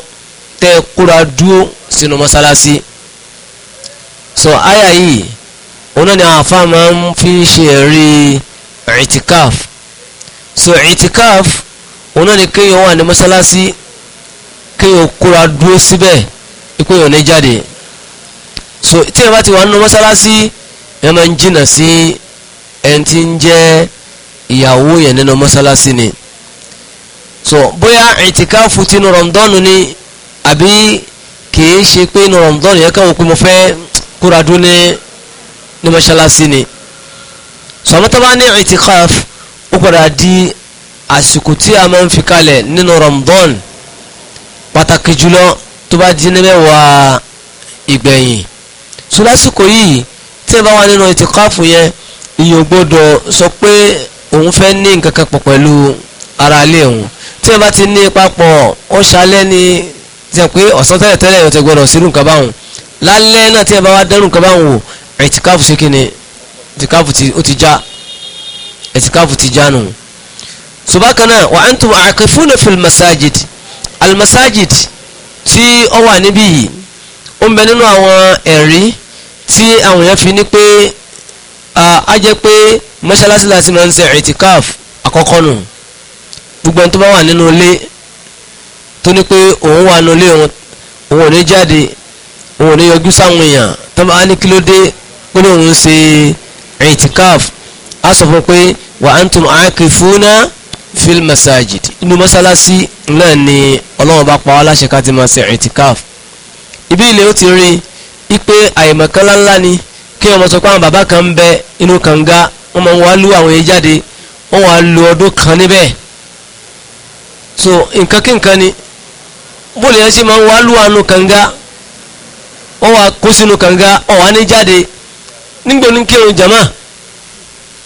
tẹ́ kúra dúró sínú mọ́sálásí sọ àyà yìí òun náà ni àwọn máa ń fi ṣe rí i itikaf so itikaf òun náà ni kéèyàn wà ní mọ́sálásí kéèyàn kóra dúró síbẹ̀ ikú ní jáde so tí èèyàn bá ti wà nínú mọ́sálásí èèyàn máa ń jìnnà sí ẹni tí ń jẹ́ ìyàwó yẹn nínú mọ́sálásí ni so bóyá ìtìkáfù ti nu rọ̀mdọ́nù ni àbí kìí ṣe pé nu rọ̀mdọ́nù yẹn káwọn pé mo fẹ́ kóra dúró ní mọ́sálásí ni sọmọ tó bá ní itikaf ó padà di àsìkò tí a máa ń fi kalẹ̀ nínú Ramadan pàtàkì jùlọ tó bá di níbẹ̀wàá ìgbẹ̀yìn so lásìkò yìí tí ẹ bá wà nínú itikaf yẹn ìyẹn gbọ́dọ̀ sọ pé òun fẹ́ ní nǹkan kan pọ̀ pẹ̀lú ara ilé òun tí ẹ bá ti ní papọ̀ ó ṣalẹ́ ní tí ẹ pé ọ̀sán tẹ́lẹ̀ tẹ́lẹ̀ ọ̀tẹ̀ gbọ́dọ̀ sírù nǹkan báwọn lálẹ́ náà tí ẹ bá wá dẹ́rù nǹkan báwọn wò itikaf ṣe kí ni tìkáàfù ti ó ti já ẹ̀tìkáàfù ti já nù. subakana wa antum aqifuna fil masajid al masajid tí ó wà níbí yìí ó ń bẹ nínú àwọn ẹ̀rí tí àwọn èèyàn fi ní pé a jẹ́ pé mọ́ṣáláṣí láti máa ń ṣe ẹ̀tìkáàfù àkọ́kọ́ nù gbogbo ẹni tó bá wà nínú ilé tó ní pé òun wà nínú ilé òun ò ní jáde òun ò ní yọjú sáwọn èèyàn tó bá ní kí ló dé pé òun ń ṣe itikaf a sọ fún pé wa antum aakifuna fil masajid inú mọ́sálásí náà ni ọlọ́run bá pa wá láṣẹ ká ti máa ṣe itikaf ibi ilé ó ti rí i pé àìmọ̀kánlá ńlá ni kí ọmọ sọ pé àwọn bàbá kan ń bẹ inú kànga wọ́n máa ń wá lú àwọn yẹn jáde wọ́n wá lu ọdún kan níbẹ̀ so nǹkan kí nǹkan ni bóòlù yẹn ṣe máa ń wá lú àánú kànga wọ́n wá kó sínú kànga ọ̀wá ní jáde nígbò ní kírun jama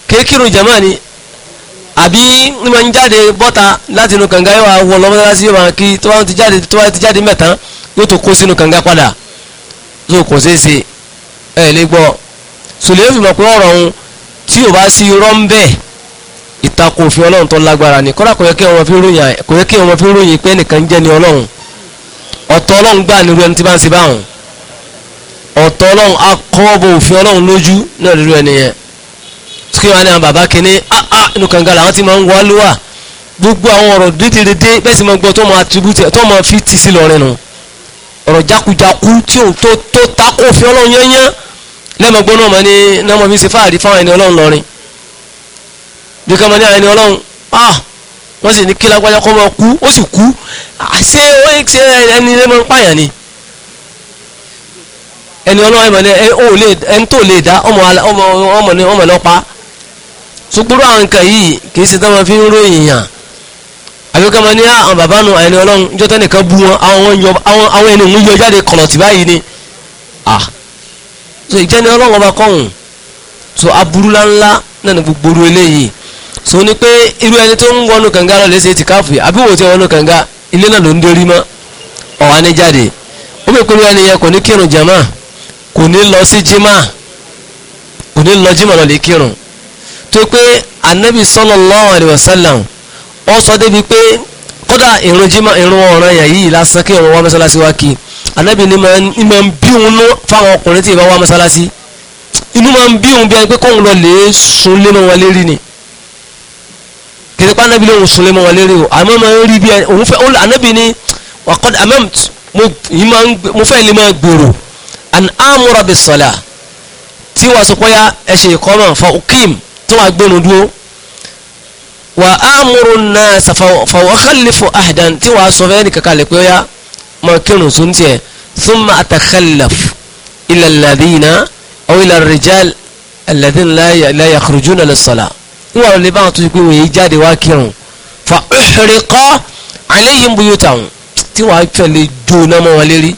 kìí kírun jama ni àbí ní ma ń jáde bọ́ta láti inú kànga yóò wọ lọ́mọdéláṣí yóò máa kí tó bá ti jáde tó bá ti jáde mẹ́tàn yóò tó kó sínú kànga padà tó kò ṣeé ṣe ẹ lè gbọ́ sùlẹ̀ yóò fi mọ̀ pé ọ̀rọ̀ òun tí ò bá sí irọ́ ń òfin ọlọ́run tó lágbára ni kọ́dà kò yẹ kí ọmọ fi ròyìn kò yẹ kí ọmọ fi ròyìn pé ẹnìkan jẹ́ ni ọlọ́run ọ̀tọ̀ ọlọ́run gbà nírú ẹni tí bá ń ṣe báwọn ọ̀tọ̀ ọlọ́run akọ́bọ̀ òfin ọlọ́run lójú náà lórí ẹni yẹn tí kí wọ́n ní àwọn bàbá kìíní áá inú kànga làwọn ti máa ń wá lówà gbogbo àwọn ọ̀rọ̀ dédédé bẹ́ẹ̀ sì máa gbọ́ tó máa tìbútì tó máa fi tì sí lọ́rẹ́ nu ọ̀rọ̀ jákujáku tí òun tó tó takò òfin ọlọ́run yányán lẹ́mọ̀gbọ́n náà máa ní náà mi ṣe fáàrí fáwọn ẹni ọlọ́run lọ́rin ah wọ́n sì ní kí lágbájá kọ́ máa kú ó sì kú àṣé ẹni ọlọ́run ẹ̀mọ̀ ni ẹni tó lè dá ọmọ ọmọ ni ọmọ lọ́pa ṣùgbọ́n àwọn nǹkan yìí kì í ṣe táwọn fi ń ròyìn yàn àbíkọ́ máa ní ah, àwọn bàbá nu ẹni ọlọ́run ìjọ tẹ́nìkan bú wọn àwọn ẹni òun yọ jáde kọ̀lọ̀tì báyìí ni ah so ìjẹ́ ni ọlọ́run ọba kọ́hùn so aburú ńláńlá náà ni gbogbo oru eléyìí so ní pé irú ẹni tó ń wọnú kànga lọ lẹ́sẹ̀ ti káfù yìí àbí wò ti wọnú kànga ilé náà ló ń dérí mọ́ ọ̀wá ní jáde ó bẹ̀ pé irú ẹni yẹn kò ní kírun jàmáà kò ní lọ sí jimá kò ní lọ jimá lọ lè kírun tó pé anabi sallallahu alaihi wasallam ó sọ débi pé kódà ìrun jimá ìrun ọ̀ràn yẹn yìí lásán kí ìrun wá mọ́sálásí wá kí anabi ni máa ń bí òun ló fáwọn ọkùnrin tí ì bá wá inú máa ń bí òun bí ẹni pé kóun lọ lè sùn lé mọ́ wọn lérí ni kìtì pa anabi lóhun sùn lé mọ́ wọn lérí o àmọ́ máa ń rí bí òun fẹ́ anabi ni wàkọ́dà àmọ́ mo fẹ́ lè máa gbòòrò an amúra bí sọlá tí wàá sọ pé ya ẹ ṣe ìkọ́mọ̀ fa ukim tí wàá gbẹnu dúró wà amúru náà fàwọn khalifu ahadan tí wàá sọ fẹ́ẹ́ nìkan kalẹ̀ pé ya mọ kírun sún tiẹ̀ thumma atakhalaf ila alladhina aw ila rijal alladhina la yakhrujuna lis-salah níwọ̀n lè bá wọn tó ṣe pé wòye jáde fa uhriqa alayhim buyutahum tí wàá fẹ́ lè jóná mọ́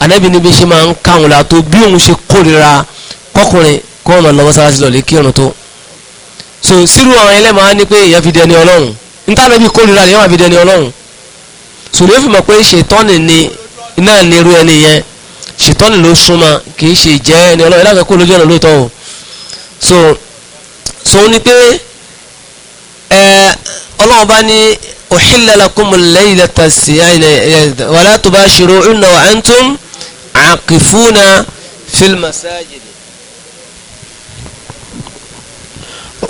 anabi níbi ṣe máa ń káwọn la tó bí òun ṣe kórira kọkùnrin kọ́ ọ̀nà lọ́wọ́ sáláṣí lọ́lẹ̀ kírun tó so sírú àwọn ẹlẹ́mọ̀ á ní pé èèyàn fi dẹni ọlọ́run níta níbi kórira lèèyàn wà fi dẹni ọlọ́run so ló fi mọ̀ pé ṣètọ́nì ni náà ní irú ẹni yẹn ṣètọ́nì ló súnmọ́ kì í ṣe jẹ́ ẹni ọlọ́run ẹlẹ́kọ̀ọ́ kó lójú ọ̀nà lóòótọ́ o so so ní pé ẹ ọlọ́run bá ní أحل لكم الليلة السيانة ولا تباشروا وأنتم عاقفون في المساجد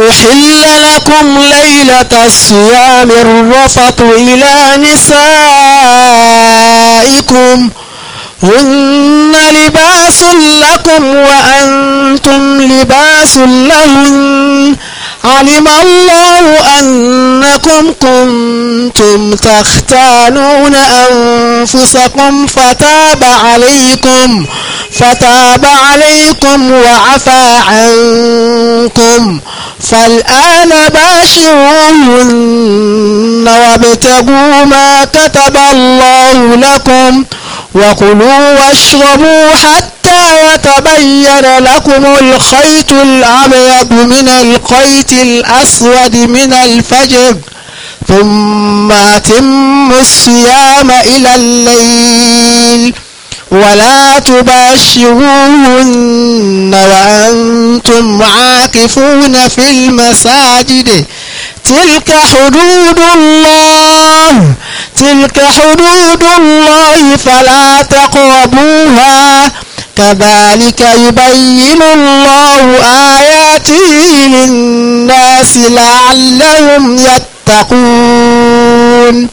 أحل لكم ليلة الصيام الرفط إلى نسائكم هن لباس لكم وأنتم لباس لهن علم الله أنكم كنتم تختانون أنفسكم فتاب عليكم فتاب عليكم وعفى عنكم فالآن باشروهن وابتغوا ما كتب الله لكم وكلوا واشربوا حتى يتبين لكم الخيط الأبيض من الخيط الأسود من الفجر ثم أتموا الصيام إلى الليل ولا تباشروهن وأنتم عاكفون في المساجد تلك حدود الله تلك حدود الله فلا تقربوها كذلك يبين الله آياته للناس لعلهم يتقون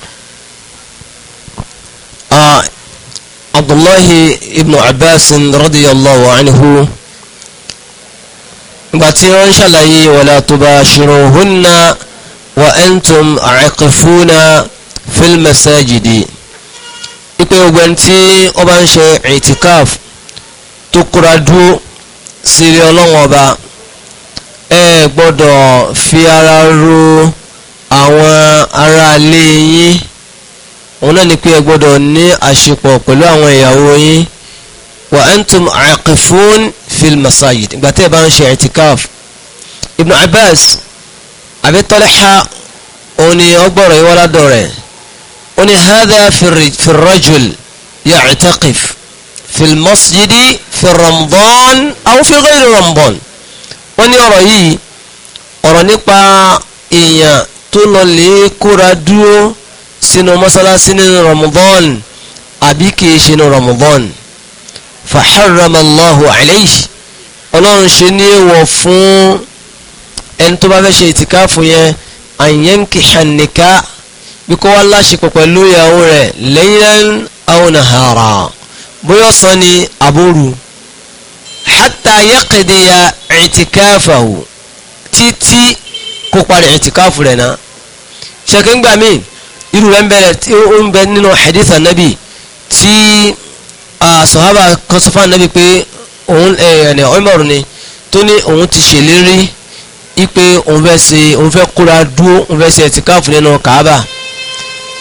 آه، عبد الله ابن عباس رضي الله عنه باتي ان شاء الله إيه، ولا تباشروهن وأنتم عاكفون في المساجد ipe ogbẹni tí ó bá ń ṣe itikaf tó kóra dúró sí ilé ọlọ́wọ́n ọba ẹ gbọ́dọ̀ fi ara ro àwọn ará ilé yín òun náà ni pé ẹ gbọ́dọ̀ ní àṣepọ̀ pẹ̀lú àwọn ìyàwó yín wa antum aaqifun fil ìgbà tí ẹ bá ń ṣe itikaf Ibn Abbas àbí tọ́lẹ́xà òun ni ọgbọ́rọ̀ yìí wọ́lá dọ̀rẹ̀ ó ní hádà fìrọ́jùl ya'taqif fìlmọ́sídì fìrọ̀mbọ́n àwọn fìrọ̀ ìlú rọ̀mbọ́n wọ́n ní ọ̀rọ̀ yìí ọ̀rọ̀ nípa èèyàn tó lọ lè kóra dúró sínú mọ́sálásí nínú rọ̀mbọ́n àbí kìí ṣe nínú rọ̀mbọ́n fàḥàràmàlláhu àlẹ́yìí ọlọ́run ṣe ní èèwọ̀ ẹni tó bá fẹ́ ṣe ìtìkáàfù yẹn àyẹ̀ǹkì hànìká bí kò wá láṣepọ̀ pẹ̀lú ìyàwó rẹ̀ lẹ́yìn àwọn àhàrà bóyá ọ̀sán ni àbóru hátà yẹ́kẹ̀dẹ̀yà ìtìkáàfù títí kó parí ìtìkáàfù rẹ̀ náà ṣèkéǹgbà míì irú rẹ̀ ń bẹ̀rẹ̀ tí ó ń bẹ nínú hadith anabi tí sọ̀hábà kan anabi pé òun ẹ̀yẹ̀ ọ̀mọ̀rún ni tó ní òun ti ṣèlérí ipe òun fẹ́ ṣe òun fẹ́ kóra dúró òun fẹ́ ṣe ẹ̀tìkáàfù nínú kàábà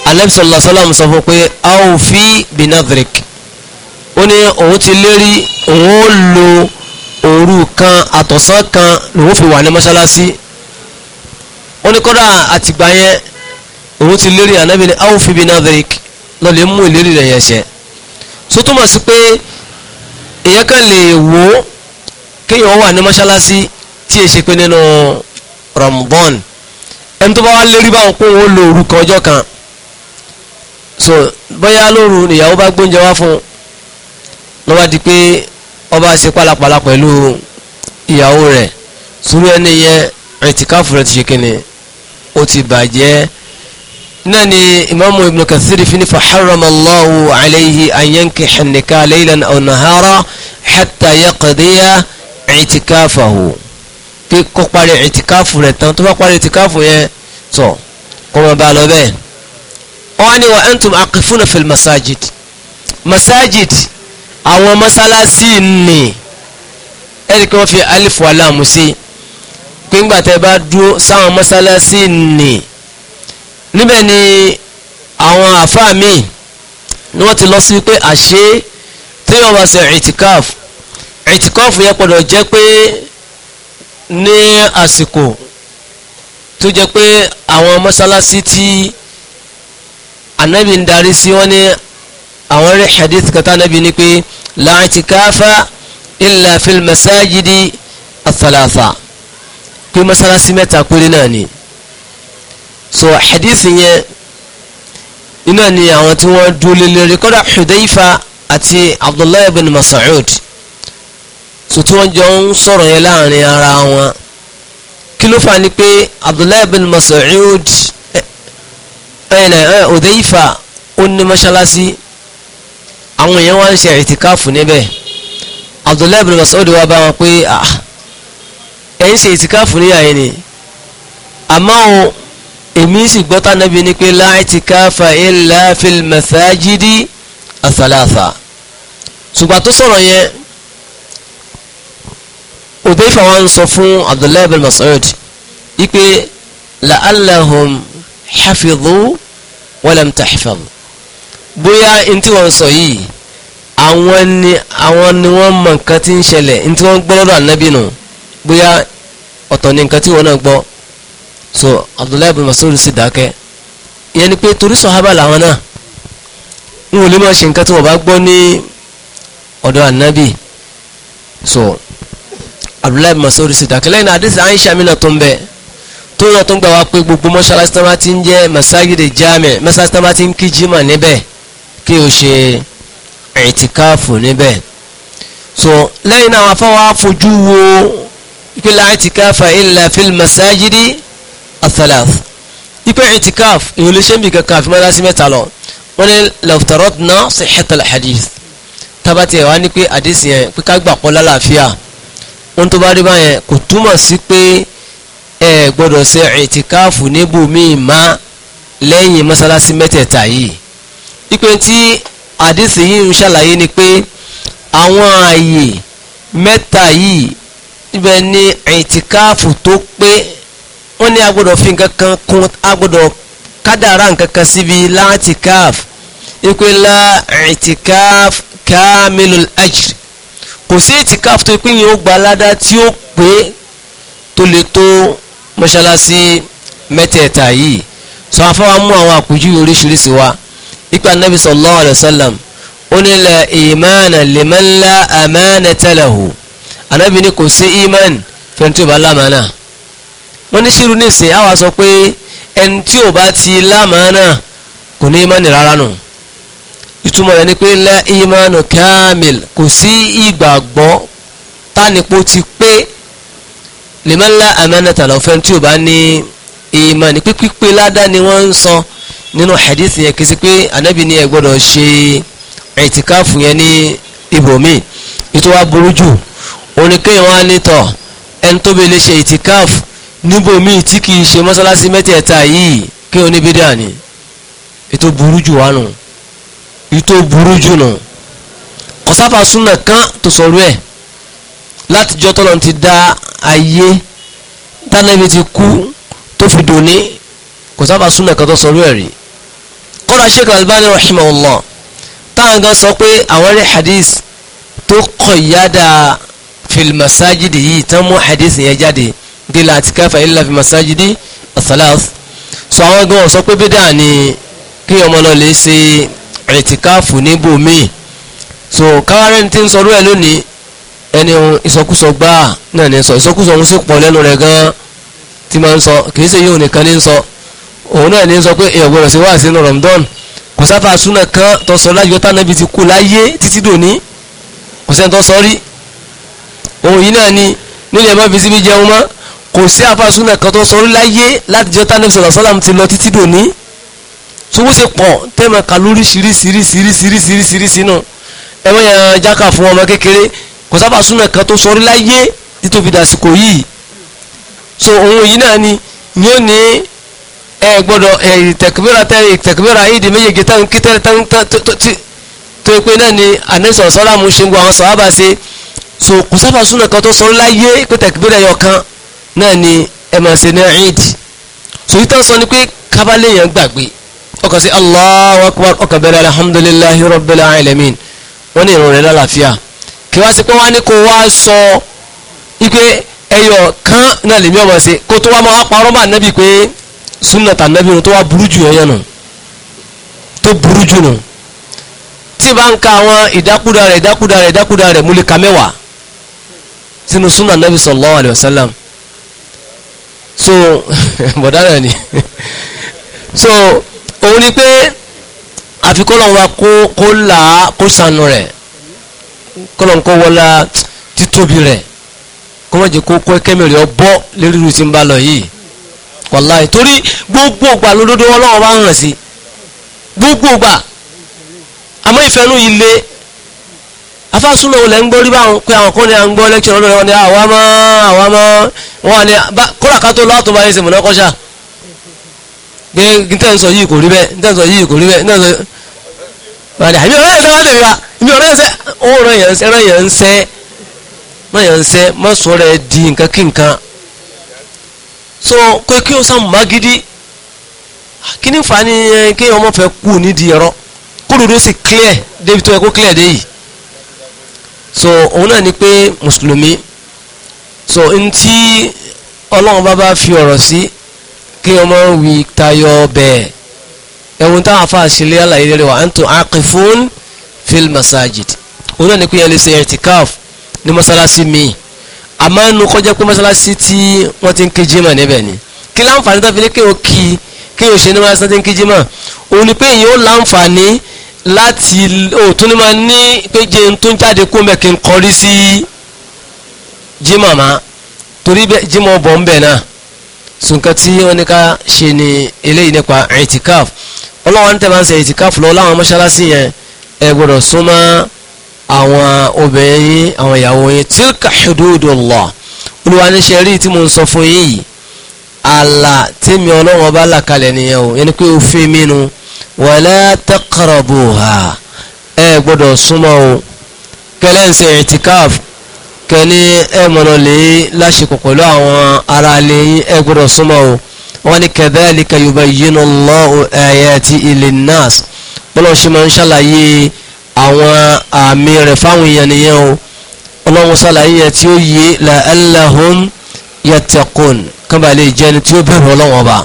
anabi sọlá sọlá mu sọ fún pé a ò fi binadrik ó ní òun ti lérí òun ó lo òru kan àtọ̀sán kan lòun fi wà ní mọ́ṣáláṣí ó ní kódà àtìgbà yẹn òun ti lérí anabi ní a ò fi binadrik lọ́lẹ̀ mú ìlérí rẹ̀ yẹn ṣẹ sótúmọ̀ sí pé èyàn lè wò ó kéèyàn wà ní mọ́ṣáláṣí tí èsì pé nínú Ramadan ẹni tó bá wá lérí báwọn pé òun lo orúkọ ọjọ́ kan so bóyá lóru nìyàwó bá gbóúnjẹ wá fún un ló bá di pé ọba ṣe pálapàla pẹ̀lú ìyàwó rẹ̀ sùúrù ẹni yẹn ẹ̀tìkáfù rẹ̀ ti ṣe kíni ó ti bàjẹ́ náà ni imaamu ibn kathiri fi ni fa harama allahu alayhi an yankiha nikah laylan aw nahara hatta pé kó parí ìtìkáàfù rẹ̀ tán tó bá parí ìtìkáàfù yẹn tọ̀ kó máa bá a lọ bẹ́ẹ̀. wọ́n ní wa antum aqifuna fil masajid masajid àwọn masalasi ni ẹni pé wọ́n fi alifu aláàmù sí pé ńgbà tẹ́ bá dúró sáwọn mọ́sálásí ni níbẹ̀ ni àwọn àfáà míì ni wọ́n ti lọ sí pé àṣé tí wọ́n bá ṣe ìtìkáàfù ìtìkáàfù yẹn gbọ́dọ̀ jẹ́ pé ní àsìkò tó jẹ́ pé àwọn mọ́sálásí tí anabi ń darí sí wọn ní àwọn rí hadith kata anabi ni pé la i'tikafa illa fil masajidi athalatha pé mọ́sálásí mẹ́ta péré náà ni so hadith yẹn iná ni àwọn tí wọ́n dúró lé lérí kọ́dà Hudayfa àti Abdullahi bin Mas'ud so tí wọ́n jọ ń sọ̀rọ̀ yẹn láàrin ara wọn kí ló fà ní pé abdullahi bin mas'ud ẹ̀ẹ́nà ọ̀dẹ́yìfà ó ní mọ́ṣáláṣí àwọn èèyàn wá ń ṣe ìtìkáàfù níbẹ̀ abdullahi bin mas'ud wá bá wọn pé ẹ̀ ń ṣe ìtìkáàfù níyà yẹn ni àmọ́ o èmi sì gbọ́ tánàbí ni pé la ìtìkáàfà illa àtàlàtà ṣùgbọ́n tó yẹn Udayfa wa ń sọ fún Abdullahi bin Mas'ud ipe la'allahum hafidhu walam tahfaz bóyá n tí wọ́n sọ yìí àwọn ni àwọn ni wọ́n mọ nǹkan tí ń ṣẹlẹ̀ n tí gbọ́ lọ́dọ̀ ànábì nù bóyá ọ̀tọ̀ ni nǹkan tí wọ́n náà gbọ́ so Abdullahi bin Mas'ud sì dákẹ́ ìyẹn ni pé torí sọ̀hábà làwọn náà n ò lè máa ṣe nǹkan tí wọ́n bá gbọ́ ní ọ̀dọ̀ ànábì so abdullahi masoud sita kẹlẹ́yìn náà àdìsí aisha mi náà tó ń bẹ tó náà tó ń gbà wá pé gbogbo mọ́ṣáláṣí tán bá ti ń jẹ́ masajide jami mọ́ṣáláṣí tán bá ti ń kí jimá níbẹ̀ kí o ṣe ẹ̀tìkáàfù níbẹ̀ so lẹ́yìn náà àwọn afọwọ́ afojú wo ìpínlẹ̀ ẹ̀tìkáàfù illa fil masajidi athalath ipe ẹ̀tìkáàfù ìhòòlù ṣe ń bì kankan àfi mọ́ṣáláṣí mẹ́ta lọ wọ́n ní lọ́fùtàrọ́tìnà sihhatal hadith tabati ẹ̀ wá ní pé àdìsí yẹn pé ká gbà pọ́ lálàáfíà wọn tó bá rí báyẹn kò túmọ̀ sí pé ẹ gbọ́dọ̀ ṣe ìtìkáàfù níbòmíì má lẹ́yìn mọ́sálásí mẹ́tẹ̀ẹ̀ta yìí ipe tí àdìsí yìí ń ṣàlàyé ni pé àwọn ààyè mẹ́ta yìí ibẹ̀ ni ìtìkáàfù tó pé wọ́n ní agbọ́dọ̀ fi nǹkan kan kún agbọ́dọ̀ kádàrá nǹkan kan síbi láti káàf ipe la ìtìkáàf kámilul ajr kò sí ìtìkáfù tó pín yìí ó gba aládá tí ó pé tó lè tó mọ́ṣáláṣí mẹ́tẹ̀ẹ̀ta yìí sọ afáwa mú àwọn àpèjúwe oríṣiríṣi wa ipa nabi sallallahu alayhi wa sallam ó ní la ìmáàna liman la anabi ni kò sí iman fẹ́ni tí ò bá lámàánà wọ́n ní ṣírú nísìnyí àwa sọ pé ẹni tí ò bá ti lámàánà kò ní iman rárá nù. No ìtumọ̀ rẹ̀ ni pé la imanu kamil kò sí ìgbàgbọ́ tánipó ti pé liman la amanata lahu fẹ́ tí o bá ní ìmánì pé ládá ni wọ́n ń sọ nínú hadith yẹn kì í sí pé anábì ni ẹ gbọ́dọ̀ ṣe ìtìkáfù yẹn ní ibòmíì ètò wa burú jù oníkéyìn wọn á ní tọ̀ ẹni tó bẹ lè ṣe ìtìkáfù níbòmíì tí kì í ṣe mọ́sálásí mẹ́tẹ̀ẹ̀ta yìí kí oníbídà ni ètò burú jù wánu yìí tó burú jù nù kọsáfà súnà kan tó sọ̀rọ̀ ẹ̀ látijọ́ tọ́lọ́ ti dá ayé tánẹ́bí ti kú tó fi dòní kọsáfà súnà kan tó sọ̀rọ̀ ẹ̀ rí kọ́ra Sheikh Albani rahimahullah táwọn gan sọ pé àwọn rí hadith tó kọ̀yádà fil masajidi yìí tán mú hadith yẹn jáde dé láti káfà illa fi masajidi asalas sọ àwọn gan sọ pé bídà ni kí ọmọ náà lè ṣe ẹ̀tìkáàfù níbòmíì so káwárẹ́ ní ti ń sọ̀rọ̀ ẹ̀ lónìí ẹni ìsọkúsọ gbáà náà ní sọ ìsọkúsọ òun sì pọ̀ lẹ́nu rẹ̀ gan-an tí máa ń sọ kì í ṣe yóò nìkan ní sọ òun náà ní sọ pé èèyàn gbọdọ̀ sí wáàsí ní Ramadan kò sáfà súnà kan tó sọ láyọ̀ tánàbí ti kú láyé títí dòní kò sẹ́ni tó sọ rí òun yìí náà ni nílẹ̀ má fi síbi jẹun mọ́ kò sí àfà kan tó sọ rí láyé látijọ́ tánàbí sọ̀rọ̀ sọ́làm ti lọ títí dòní tó bó ṣe pọ̀ siri siri siri siri ẹ mọ̀ yẹn jáka fún ọmọ kékeré kò sábà súnà kan tó sọrí láyé títòbi dàsìkò yìí so òun yìí náà ni yóò ní ẹ gbọ́dọ̀ ẹ ìtẹ̀kùmẹ́ra tẹ ìtẹ̀kùmẹ́ra yìí di méjèèjì táwọn kí tẹ́lẹ̀ táwọn tó pé náà ni anẹ́sọ̀ sọ́lámù ṣe ń gbọ́ àwọn sọ̀hábà ṣe so kò sábà súnà kan tó sọrí láyé pé tẹ̀kùmẹ́ra kan náà ni ẹ máa ṣe ní ẹ̀ẹ́dì so yìí tán sọ ni pé kábàlẹ̀ yẹn gbàgbé ọkọ̀ sí Allahu Akbar ọkọ̀ bẹ̀rẹ̀ alhamdulillahi rabbil alamin wọ́n ní ìrun rẹ̀ lálàáfíà kí wá sí pé wá ní kó wá sọ ipe ẹyọ kan náà lèmi ọmọ sí kó tó wá máa parọ́ bá nẹ́bí pé sunnata nẹ́bí tó wá burú jù yẹn nù tó burú jù nù tí bá ń ka àwọn ìdákúdà rẹ̀ ìdákúdà rẹ̀ ìdákúdà rẹ̀ múlẹ̀ ka mẹ́wàá sínú sunna nẹ́bí sallallahu so [laughs] bọ̀dá rẹ̀ [laughs] so òun ni pé àfi kọ́lọ́n wa kó kó là á kó sànù rẹ̀ kọ́lọ́n kó wọlá títóbi rẹ̀ kó má jẹ́ kó kó kẹ́mẹ̀rẹ̀ ọ bọ́ lérí irú tí ń bá lọ yìí wàláì torí gbogbo ògbà lódodo ọlọ́wọ́ bá ń hàn sí gbogbo ògbà àmọ́ ìfẹ́nu yìí le afásúnà olè ń gbọ́ rí báwọn pé àwọn kan ní à ń gbọ́ lẹ́kṣọ̀ lọ́dọ̀ wọn ni àwa mọ́ àwa wọn ni kóra ká lọ́wọ́ tó bá yẹ sèmùnà kọ́ṣà pé ntẹ́ ń sọ yìí kò rí bẹ́ẹ̀ ntẹ́ ń sọ yìí kò rí bẹ́ẹ̀ ntẹ́ ń sọ yìí. padà àbí ọ̀rẹ́ ẹ̀sẹ̀ wá lè wá ibi ọ̀rẹ́ ẹ̀sẹ̀ ó ràn yàn ń sẹ́ ràn yàn sẹ́ ràn yàn sẹ́ má sọ rẹ̀ di nǹkan kí nǹkan. so pé kí o sàmù má gidi kí ni fa ni kí ọmọ fẹ́ kú nídìí ẹ̀rọ kó dodo sì clear débi tó yẹ kó clear dé yìí. so òun náà ni pé mùsùlùmí so ntí ọlọ́run bá bá fi ọ̀rọ̀ sí. Si, kí ọmọ wí tayọ bẹ́ẹ̀ ẹ̀wọ̀n táwọn afa àṣìlẹ̀ àlàyé rẹ̀ wà antum aqifun fil masajid òun náà ni pé yẹn lè ṣe ẹ̀tìkáf ní mọ́sálásí mi àmọ́ ẹnu kọjá pé mọ́sálásí tí wọ́n ti ń kí jimá níbẹ̀ ni kí láǹfààní tó fi lé kéwòn kí kéwòn ṣe ní mọ́sálásí tí ń kí jimá òun ni pé èyí ó láǹfààní láti òtún ní máa ní péje tó ń jáde kó mẹ́kì ń kọrí sí jimá má torí jimá bọ̀ ń bẹ̀ náà sunkan tí wọ́n ní ká ṣe ni eléyìí nípa itikaf ọlọ́wọ́n tẹ́ bá ń ṣe itikaf lọ láwọn mọ́ṣáláṣí yẹn ẹ gbọ́dọ̀ súnmọ́ àwọn obìnrin yín àwọn ìyàwó yín tilka hududullah olúwa ní ṣe rí tí mo ń sọ fún yìí àlà tèmi ọlọ́wọ́n bá là kalẹ̀ nìyẹn o yẹn ni pé òfin mi nu wala taqrabuha ẹ gbọ́dọ̀ súnmọ́ o kẹlẹ́ ń ṣe itikaf kẹni ẹmọ̀nà lè láṣepọ̀ pẹ̀lú àwọn ará lè ẹgbọ́dọ̀ súnmọ́ o wọ́n ní kadhalika yubayyinu Allahu ayatihi linnas bọ́lọ̀ ṣe máa ń ṣàlàyé àwọn àmì rẹ̀ fáwọn èèyàn nìyẹn o ọlọ́run ṣàlàyé yẹn tí ó yé la'allahum yattaqun kábà lè jẹ́ tí ó bẹ̀rù ọlọ́run ọba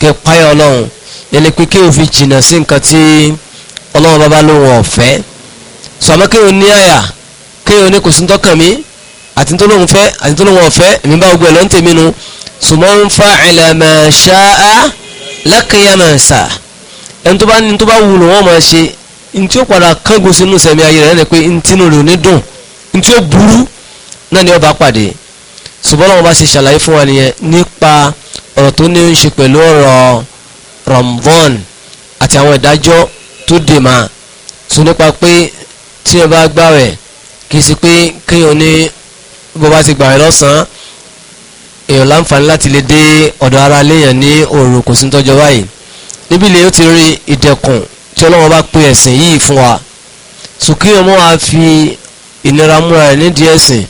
kẹ ọlọ́run yẹn pé kí òfin jìnnà sí nǹkan tí ọlọ́run bá bá lóun ọ̀fẹ́ sọ̀mọ́kẹ́ òní àyà kéèyàn ní kò sí tọ́kàn mi àti tó lóun fẹ́ àti tó lóun ọ̀fẹ́ èmi bá gbogbo ẹ̀ lọ́n tèmi nu sùmọ́ ń fa ìlànà ṣáá lẹ́kẹ̀yàmà ṣá ẹni tó bá ní tó bá wù lò wọ́n máa ṣe ní tí ó padà kángun sínú sẹ̀mí ayé rẹ̀ ní pé ní tí inú ní dùn ní ó burú náà ni ó bá pàdé ṣùgbọ́n àwọn bá ṣe ṣàlàyé fún wa nìyẹn nípa ọ̀rọ̀ tó ní ṣe pẹ̀lú ọ̀rọ̀ Ramadan àti àwọn ìdájọ́ tó dè máa sọ nípa pé tí ẹ bá gbàwẹ̀ kìí ṣe pé kéèyàn ní bó bá ti gbà ẹ lọ́sàn-án èèyàn láǹfààní láti lè dé ọ̀dọ̀ ara léèyàn ní òru kò sí tọ́jọ́ báyìí níbi ilé ó ti rí ìdẹ̀kùn tí ọlọ́wọ́n bá pe ẹ̀sìn yìí fún wa sùkúyàn mọ́ wa fi ìnira múra ẹ̀ nídìí ẹ̀sìn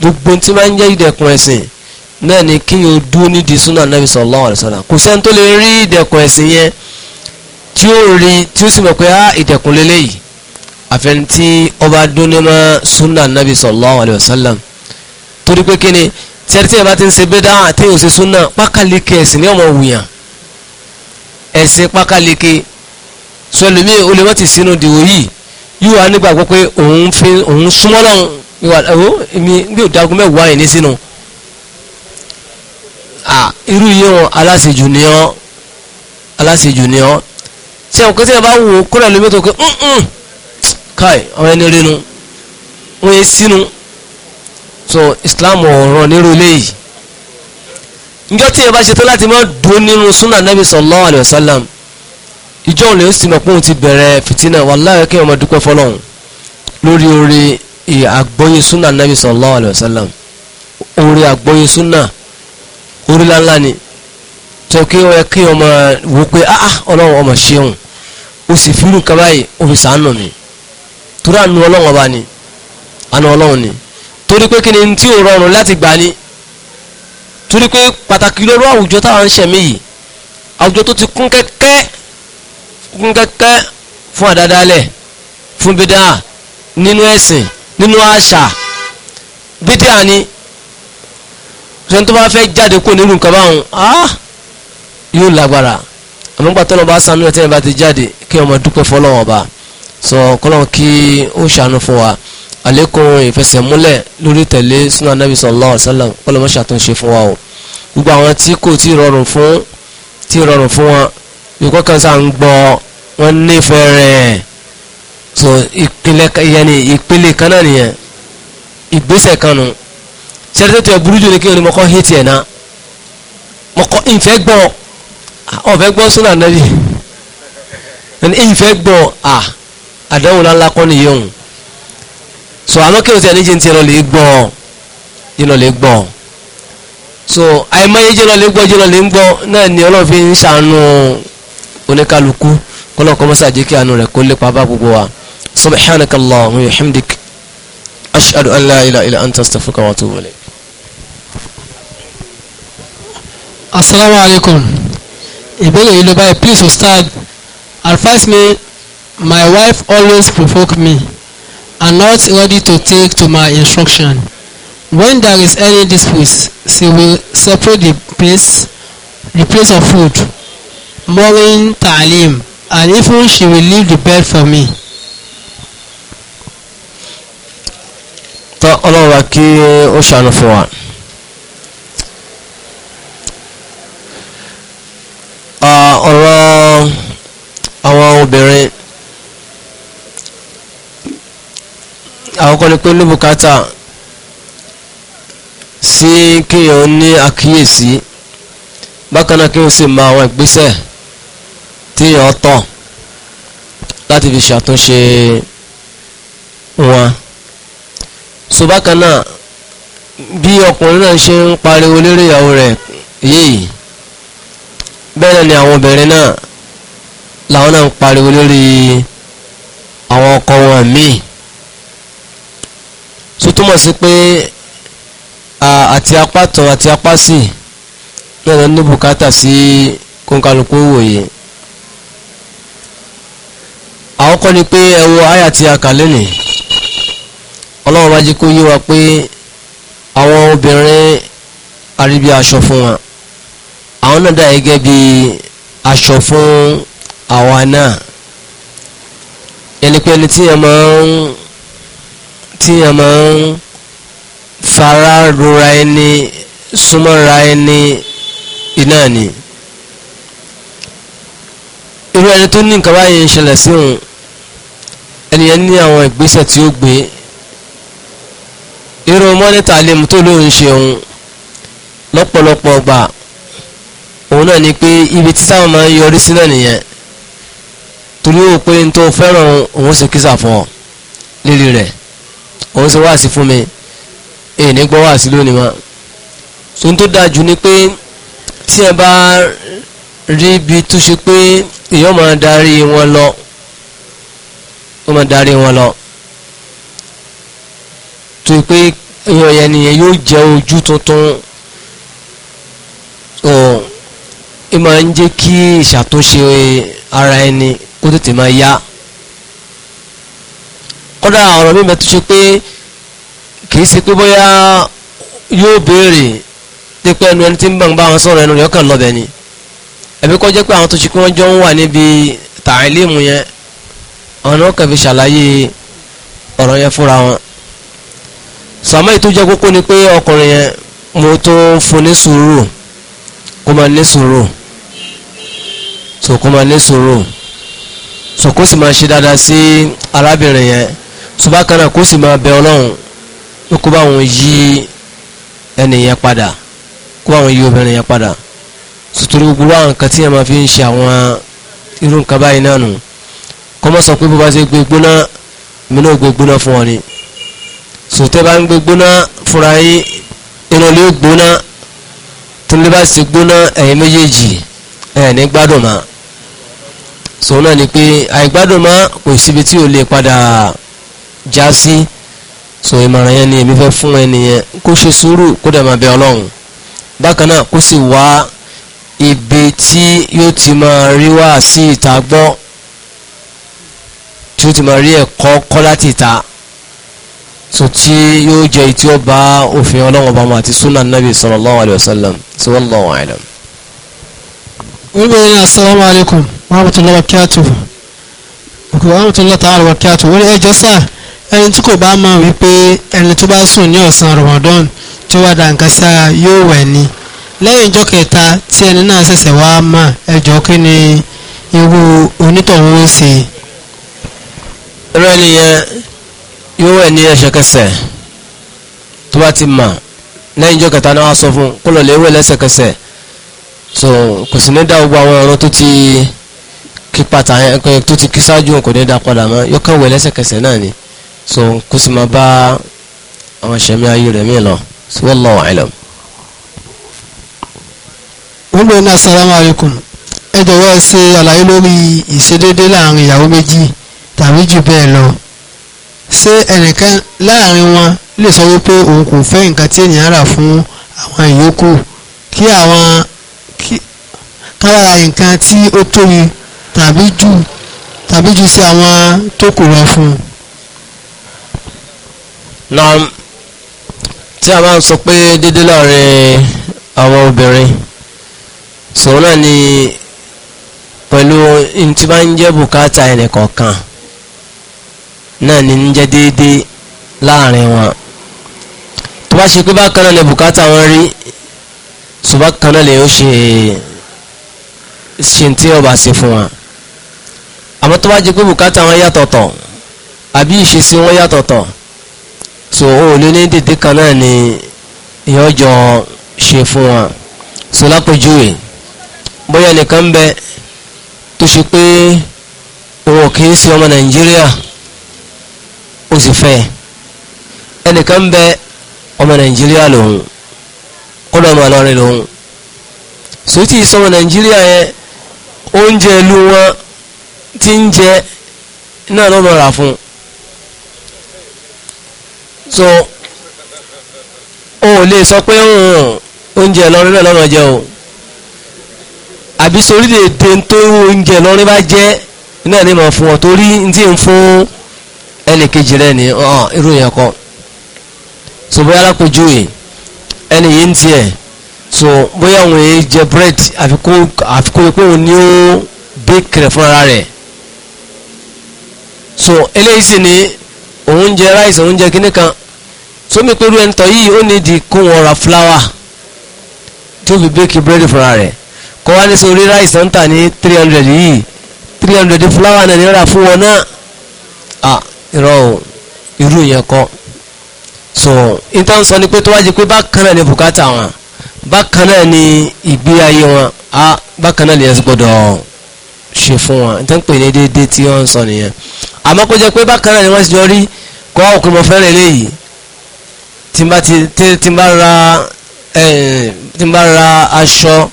gbogbo tí máa ń jẹ́ ìdẹ̀kùn ẹ̀sìn náà ni kí o dúró nídìí súnà nàbì sallallahu alaihi wasallam kò sẹ́ni tó lè rí ìdẹ̀kùn ẹ̀sìn yẹn tí ó rí tí ó sì mọ̀ pé á ah, ìdẹ̀kùn lélẹ́yìí àfẹnití ọba dúnímọ̀ sunna nabi sallallahu alayhi wa sallam torí pé kíni tẹ́rẹ́tẹ́ ẹ̀ bá ti ń ṣe bẹ́dá àti òsè sunna pákàlíkì ẹ̀sìn ní ọmọ wùyàn ẹ̀sìn pákàlíkì sọlùmí olùmọ̀tì sínú dìwò yìí yóò wá nígbàgbọ́ pé òun fi òun súnmọ́ lọ́hùn ìwà ẹ̀wọ́ èmi bí òdagun mẹ́wàá yìí ní sínú à irú yìí wọn aláṣejù ni ọ́ aláṣejù ni ọ́ ṣé òkè tí ẹ bá wò kúrẹ̀ lómi tó kẹ́ ń káì àwọn ẹni rinu wọ́n yé sínú so islam ọ̀ràn nírú eléyìí njọ́ tí yẹn bá ṣetán láti máa dùn nínú súnà nàbì sallallahu alayhi wa sallam ìjọ òun lè ó sì mọ̀ pé òun ti bẹ̀rẹ̀ fìtínà wàláhì kí wọ́n máa dúpẹ́ fọlọ́hún lórí orí àgbọ́yé súnà nàbì sallallahu alayhi wa sallam orí àgbọ́yé súnà orí lánlá ni tó kí wọ́n yẹ kí wọ́n máa wò pé ah, ah ọlọ́run ọmọ ṣeun ó sì fírù kaba yìí ó fi sàánù mi torí àánú ọlọ́run ọba ni àánú ọlọ́run ni torí pé kí ni tí ò rọrùn láti gbà ni torí pé pàtàkì lórí àwùjọ táwọn ń ṣẹ̀mí yìí àwùjọ tó ti kún kẹ́kẹ́ kún kẹ́kẹ́ fún àdádálẹ̀ fún bídà nínú ẹ̀sìn nínú àṣà bídà ni sọ́ni tó bá fẹ́ jáde kó nínú nǹkan báwọn ah yóò lágbára àmọ́ gbàtọ́ lọ́ba sanu ẹ̀ tí ẹ̀ bá ti jáde kí ọmọ dúpẹ́ fọlọ́wọ́n ọba sọ kọ́lọ́n kí ó ṣàánú fún wa àlékún ìfẹsẹ̀múlẹ̀ lórí tẹ̀lé súnà anábì sallallahu alaihi wasallam kọ́lọ́n mọ́ ṣàtúnṣe fún wa o gbogbo àwọn tí kò tí rọrùn fún tí rọrùn fún wọn ìkọ́ kan sáà ń gbọ́ wọn nífẹ̀ẹ́ rẹ̀ so ìpìlẹ̀ yẹni ìpìlẹ̀ kan náà nìyẹn ìgbésẹ̀ kan nù sẹ́dẹ̀tẹ̀ tó yẹ burú jù ní kí ni mo kọ́ hétí ẹ̀ náà mo kọ́ ìfẹ́ gbọ́ ọ̀fẹ́ gbọ́ súnà anábì ìfẹ́ gbọ́ ah àdánwò ńláńlá kọ́ nìyí so àmọ́ kí o ti ẹni jẹ́ ti lọ lè gbọ́ yìí lọ lè gbọ́ so àìmọye jẹ́ lọ lè gbọ́ jẹ́ lọ lè gbọ́ náà ni ọlọ́run fi ń ṣàánú oníkálukú kọ́lọ́ kọ́ mọ́sá jẹ́ kí àánú rẹ̀ kó lépa bá gbogbo wa subhanaka allahumma wa hamdik ashhadu an anta astaghfiruka wa atubu asalaamualeykum ìbéèrè yìí ló báyìí please ustad advise me My wife always provoke me and not ready to take to my instruction. When there is any dispute, she will separate the place, the place of food, morning ta'lim, and even she will leave the bed for me. tọ́ ọlọ́run wa kí ó ṣàánú fún wa. Ah, ọ̀rọ̀ àwọn obìnrin àkọ́kọ́ ni pé olúbùkátà sí kéèyàn ní àkíyèsí bákan náà kéèyàn sì mọ àwọn ìgbésẹ̀ téèyàn tọ̀ láti fi ṣàtúnṣe wọn so bákan náà bí ọkùnrin náà ṣe ń pariwo lérè ìyàwó rẹ̀ yìí bẹ́ẹ̀ ni àwọn obìnrin náà làwọn náà ń pariwo lórí àwọn ọkọ wọn míì so túmọ̀ sí pé àti apátọ̀ àti apásì náà lọ ní bùkátà sí kónkálukú wòye àkọ́kọ́ ni pé ẹ wo àyà tí a kà lónìí ọlọ́run bá jí kó yé wa pé àwọn obìnrin àríbí aṣọ fún wa àwọn náà dà gẹ́gẹ́ bí aṣọ fún àwa náà ẹni pé ẹni tí ẹ máa ń tí a máa ń fara rora ẹni súnmọ́ra ẹni iná ni irú ẹni tó ní nǹkan báyìí ń ṣẹlẹ̀ sí òun ẹni yẹn ní àwọn ìgbésẹ̀ tí ó gbé irú mọ́nítà lèmu tó lóun ṣe òun lọ́pọ̀lọpọ̀ ọgbà òun náà ni pé ibi tí táwọn máa ń yọrí sí náà nìyẹn torí ó pé n tó fẹ́ràn òun sì kí sàfọ́ lérí rẹ̀ òun ṣe wáàsí fún mi èyí ní gbọ́ wáàsí lónìí wọn. tòun tó dáa jù ni pé tí ẹ bá rí ibi tó ṣe pé èèyàn máa darí wọn lọ wọ́n darí wọn lọ tó pé èèyàn yẹn nìyẹn yóò jẹ́ ojú tuntun ọ̀ ẹ máa ń jẹ́ kí ìṣàtúnṣe ara ẹni kó tètè máa yá kódà ọ̀rọ̀ mímẹ́ tó ṣe pé kìí ṣe pé bóyá yóò béèrè dípẹ́ ẹnu ẹni tí ń bọ̀n bá wọn sọ̀rọ̀ ẹnu rẹ̀ ọkàn lọ́bẹ̀ ni ẹ̀bí kọ́ jẹ́ pé àwọn tó ṣe pé wọ́n jọ ń wà níbi tàìlímù yẹn àwọn náà kàn fi ṣàlàyé ọ̀rọ̀ yẹn fúnra wọn sàmọ́ ìtújẹ́ kókó ni pé ọkùnrin yẹn mo tó fún ní sùúrù kó máa ní sùúrù so kó máa ní sùúrù so kó sì máa ṣe dáadáa sí arábìnrin yẹn subakana kó sì máa bẹ ọlọ́run ó kó báwọn yí ẹnìyẹn padà kó báwọn yí obìnrin yẹn padà sùtúrú gbogbo àwọn nǹkan tí yẹn máa fi ń ṣe àwọn irú nǹkan báyìí náà nù kọ́mọ́ sọ pé bó bá ṣe gbé gbóná mi náà gbé gbóná fún ọ ni sòtẹ́ bá ń gbé gbóná fúnra yín inú ilé gbóná tó ní bá sì gbóná ẹ̀yin méjèèjì ẹ̀ ní gbádùn mọ́ sòun náà ni pé àìgbádùn mọ́ kò síbi tí ò lè padà já sí so ìmọ̀ràn yẹn ni èmi fẹ́ fún ẹni yẹn kó ṣe sùúrù kó dẹ̀ máa bẹ ọlọ́run bákan náà kó sì wá ibi tí yóò ti máa rí wá sí ìta gbọ́ tí ó ti máa rí ẹ̀kọ́ kọ́ láti ìta so tí yóò jẹ́ ìtí ó bá òfin ọlọ́run bá mu àti sunan nabi sallallahu alayhi wa sallam sí wallahu alam. wíwèé ní asalaamu alaykum wa rahmatulahi wa barakatuhu wa rahmatulahi ta'ala wa barakatuhu wọ́n ní ẹjọ́ sáà ẹni tí kò bá mọ̀ wípé ẹni tó bá sùn ní ọ̀sán Ramadan tí ó wà dànkásá yóò wẹ̀ ni lẹ́yìn ìjọ kẹta tí ẹni náà ṣẹ̀ṣẹ̀ wá mọ̀ ẹjọ́ kí ni irú onítọ̀hún ó ṣe. irú ẹni yẹn yóò wẹ̀ ní ẹsẹ̀kẹsẹ̀ tó bá ti mọ̀ lẹ́yìn ìjọ kẹta náà wá sọ fún kó lọ lè wẹ̀ lẹ́sẹ̀kẹsẹ̀ so kò sì ní dá gbogbo àwọn ọ̀rọ̀ tó ti kí pàtàkì tó ti kí ṣáájú kò ní dá padà mọ́ yóò kàn wẹ̀ lẹ́sẹ̀kẹsẹ̀ náà ni so kó sì máa bá àwọn sẹ̀mí ayé rẹ̀ mí lọ sí wallahu alam. wọ́n bẹ̀rẹ̀ ní asalaamu alaykum ẹ jọ̀wọ́ ẹ ṣe àlàyé lórí ìṣedéédé láàrin ìyàwó méjì tàbí jù bẹ́ẹ̀ lọ ṣé ẹnìkan láàrin wọn lè sọ wípé òun kò fẹ́ nǹkan tí ènìyàn rà fún àwọn ìyókù kí àwọn kára nǹkan tí ó tóbi tàbí jù tàbí jù sí àwọn tó kù lọ fún un náà tí a bá ń sọ pé dédé láàrin àwọn obìnrin sọ̀rọ̀ náà ni pẹ̀lú ntí bá ń jẹ́ bùkátà ẹnìkọ̀ọ̀kan náà ni ń jẹ́ dédé láàrin wọn tó bá ṣe pé bákan náà ni bùkátà wọn rí ṣùgbọ́n kan náà lè ó ṣe ṣe tí ọba ṣe fún wa àmọ́ tó bá jẹ́ pé bùkátà wọn yàtọ̀tọ̀ àbí ìṣesí wọn yàtọ̀tọ̀ so o lè ní dèdè kan náà ni ìyọjọ ṣe fún wa so lápèjúwe bóyá nìkan bẹ tó ṣe pé òun kì í ṣe ọmọ nàìjíríà ó sì fẹ́ ẹnìkan bẹ ọmọ nàìjíríà lòun kódà ọmọ àlọrin lòun sòtì ìsọmọ nàìjíríà yẹn oúnjẹ ìlú wọn ti ń jẹ náà ló mọ̀ra fún un so o ò lè sọ pé hmm, oúnjẹ lọ́rin náà lọ́nà jẹ o àbí sorílẹ̀-èdè tó oúnjẹ lọ́rin bá jẹ́ náà ni mo fún ọ torí n tí ń fún ẹnìkejì rẹ ní irú yẹn so bóyá alákòjú yìí ẹni yìí ń tiẹ̀ so bóyá òun yìí jẹ bread àfikún àfikún pé òun ní ó bake rẹ fúnra rẹ̀ so eléyìí sì ni òun jẹ rice òun jẹ kíní kan sómi pẹ̀lú ẹ̀ńtọ́ yìí ó ní di kó wọn ra fúláwà tó fi bẹ́ẹ̀kì búrẹ́dì fúnra rẹ̀ kọ́ wá ní sórí ráìsì náà ń tà ní three hundred yìí three hundred fúláwà náà ní ra fún wọn náà à irọ́ o irú yẹn kọ́ so intan sọ ni pé tó wá jẹ pé bákan náà ni bùkátà wọn bákan náà ni ìgbé ayé wọn á bákan náà lè yẹn gbọ́dọ̀ ṣe fún wọn nítorí pé ní déédéé tí wọ́n ń sọ nìyẹn àmọ́ kó jẹ́ pé bákan náà ni wọ́n ti jọ rí kọ́ ọkùnrin mọ̀ fẹ́ràn eléyìí tí n bá ti tí n bá ra tí n bá ra aṣọ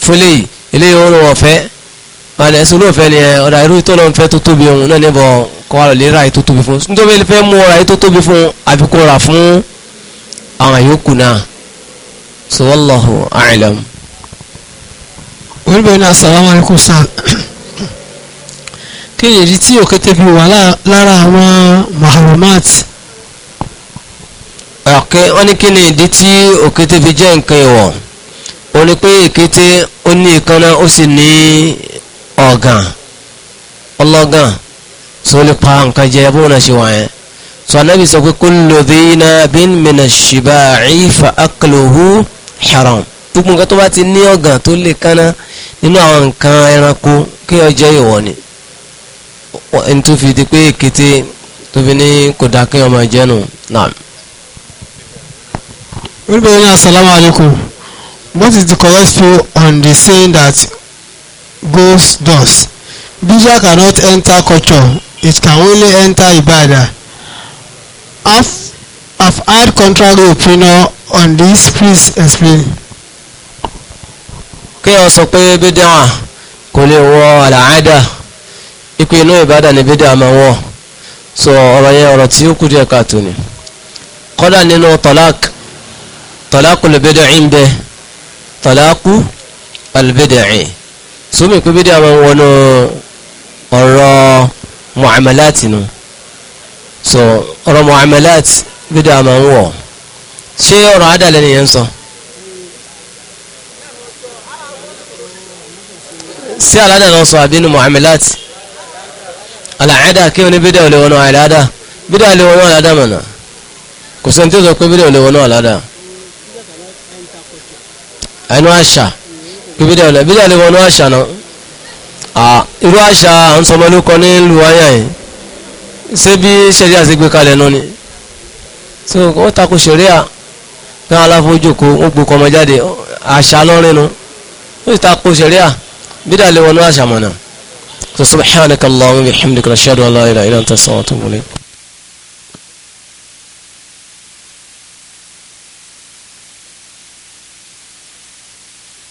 fún eléyìí eléyìí ó rún ọ̀fẹ́ balẹ̀ ẹ̀sùn olóòfẹ́ ni ọ̀dà irú tọ́lọ́ ń fẹ́ tó tóbi òun náà níbọ̀ kọ́ wa lè ra èyí tó tóbi fún nítorí fẹ́ mú ọ̀rà èyí tó tóbi fún àbí kó ra fún àwọn yòókù náà so wallahu olùbẹ̀rẹ̀ náà assalamu alaikum sáà kí ni èyí tí òkété fi wà lára àwọn mahrumat ọ̀kẹ́ wọ́n ní kí ni ìdí tí òkété fi jẹ́ nǹkan ìwọ̀ ó ní pé èkété ó ní ìkànnà ó sì ní ọ̀gàn ọlọ́gàn tí ó lè pa nǹkan jẹ bó na ṣe wà yẹn so anabi sọ pé kullu dhinabin minash shiba'i fa akluhu haram gbogbo nǹkan tó bá ti ní ọ̀gàn tó lè kánná nínú àwọn nǹkan ẹranko kí ó ìwọ̀ ni ẹni tó fi di pé èkété tó fi ní kò dákẹ́ ọmọ ìjẹ́nu náà olùbẹ̀rẹ̀ ní asalaamu what is the correct view on the saying that goes thus bija cannot enter culture it can only enter ibada I've I've had contrary opinion on this please explain. kí ọ sọ pé bídẹ́ wọn kò lè wọ àlàáda ipe inú ìbàdàn ni bídẹ́ àmọ́ wọn sọ ọ̀rọ̀ yẹn ọ̀rọ̀ tí ó kù díẹ̀ káàtó ni kọ́dà nínú tọ́lák طلاق lẹ́bẹ̀dẹ̀ ń طلاق tọ́lákù alẹ́bẹ̀dẹ̀ ń من pé bídẹ́ àwọn wọnú ọ̀rọ̀ muamalati nù so ọ̀rọ̀ muamalati bídẹ́ àwọn wọ̀ ṣé ọ̀rọ̀ adàlẹ́ nìyẹn sọ. sí aláda náà sọ àbínú muamalati àlàáda kí wọn ní bídẹ́ olè wọnú àlàáda bídẹ́ olè wọnú àlàáda mọ̀nà kò tí ó sọ pé bídẹ́ olè wọnú àìnú àṣà kí bídà ọ̀nà bídà lè wọnú àṣà náà irú àṣà à ń sọmọ lóko ní luwaya yìí ṣé bí ṣẹ̀ríà ṣe gbé kalẹ̀ nù ni so ó takò ṣẹ̀ríà kí wọn aláfojú kó ó gbókọ ọmọ jáde àṣà lọ́rin nu ó sì takò ṣẹ̀ríà bídà lè wọnú àṣà mọ̀nà so subhanaka Allahumma wa bihamdika ashhadu an la ilaha illa anta astaghfiruka wa atubu ilayk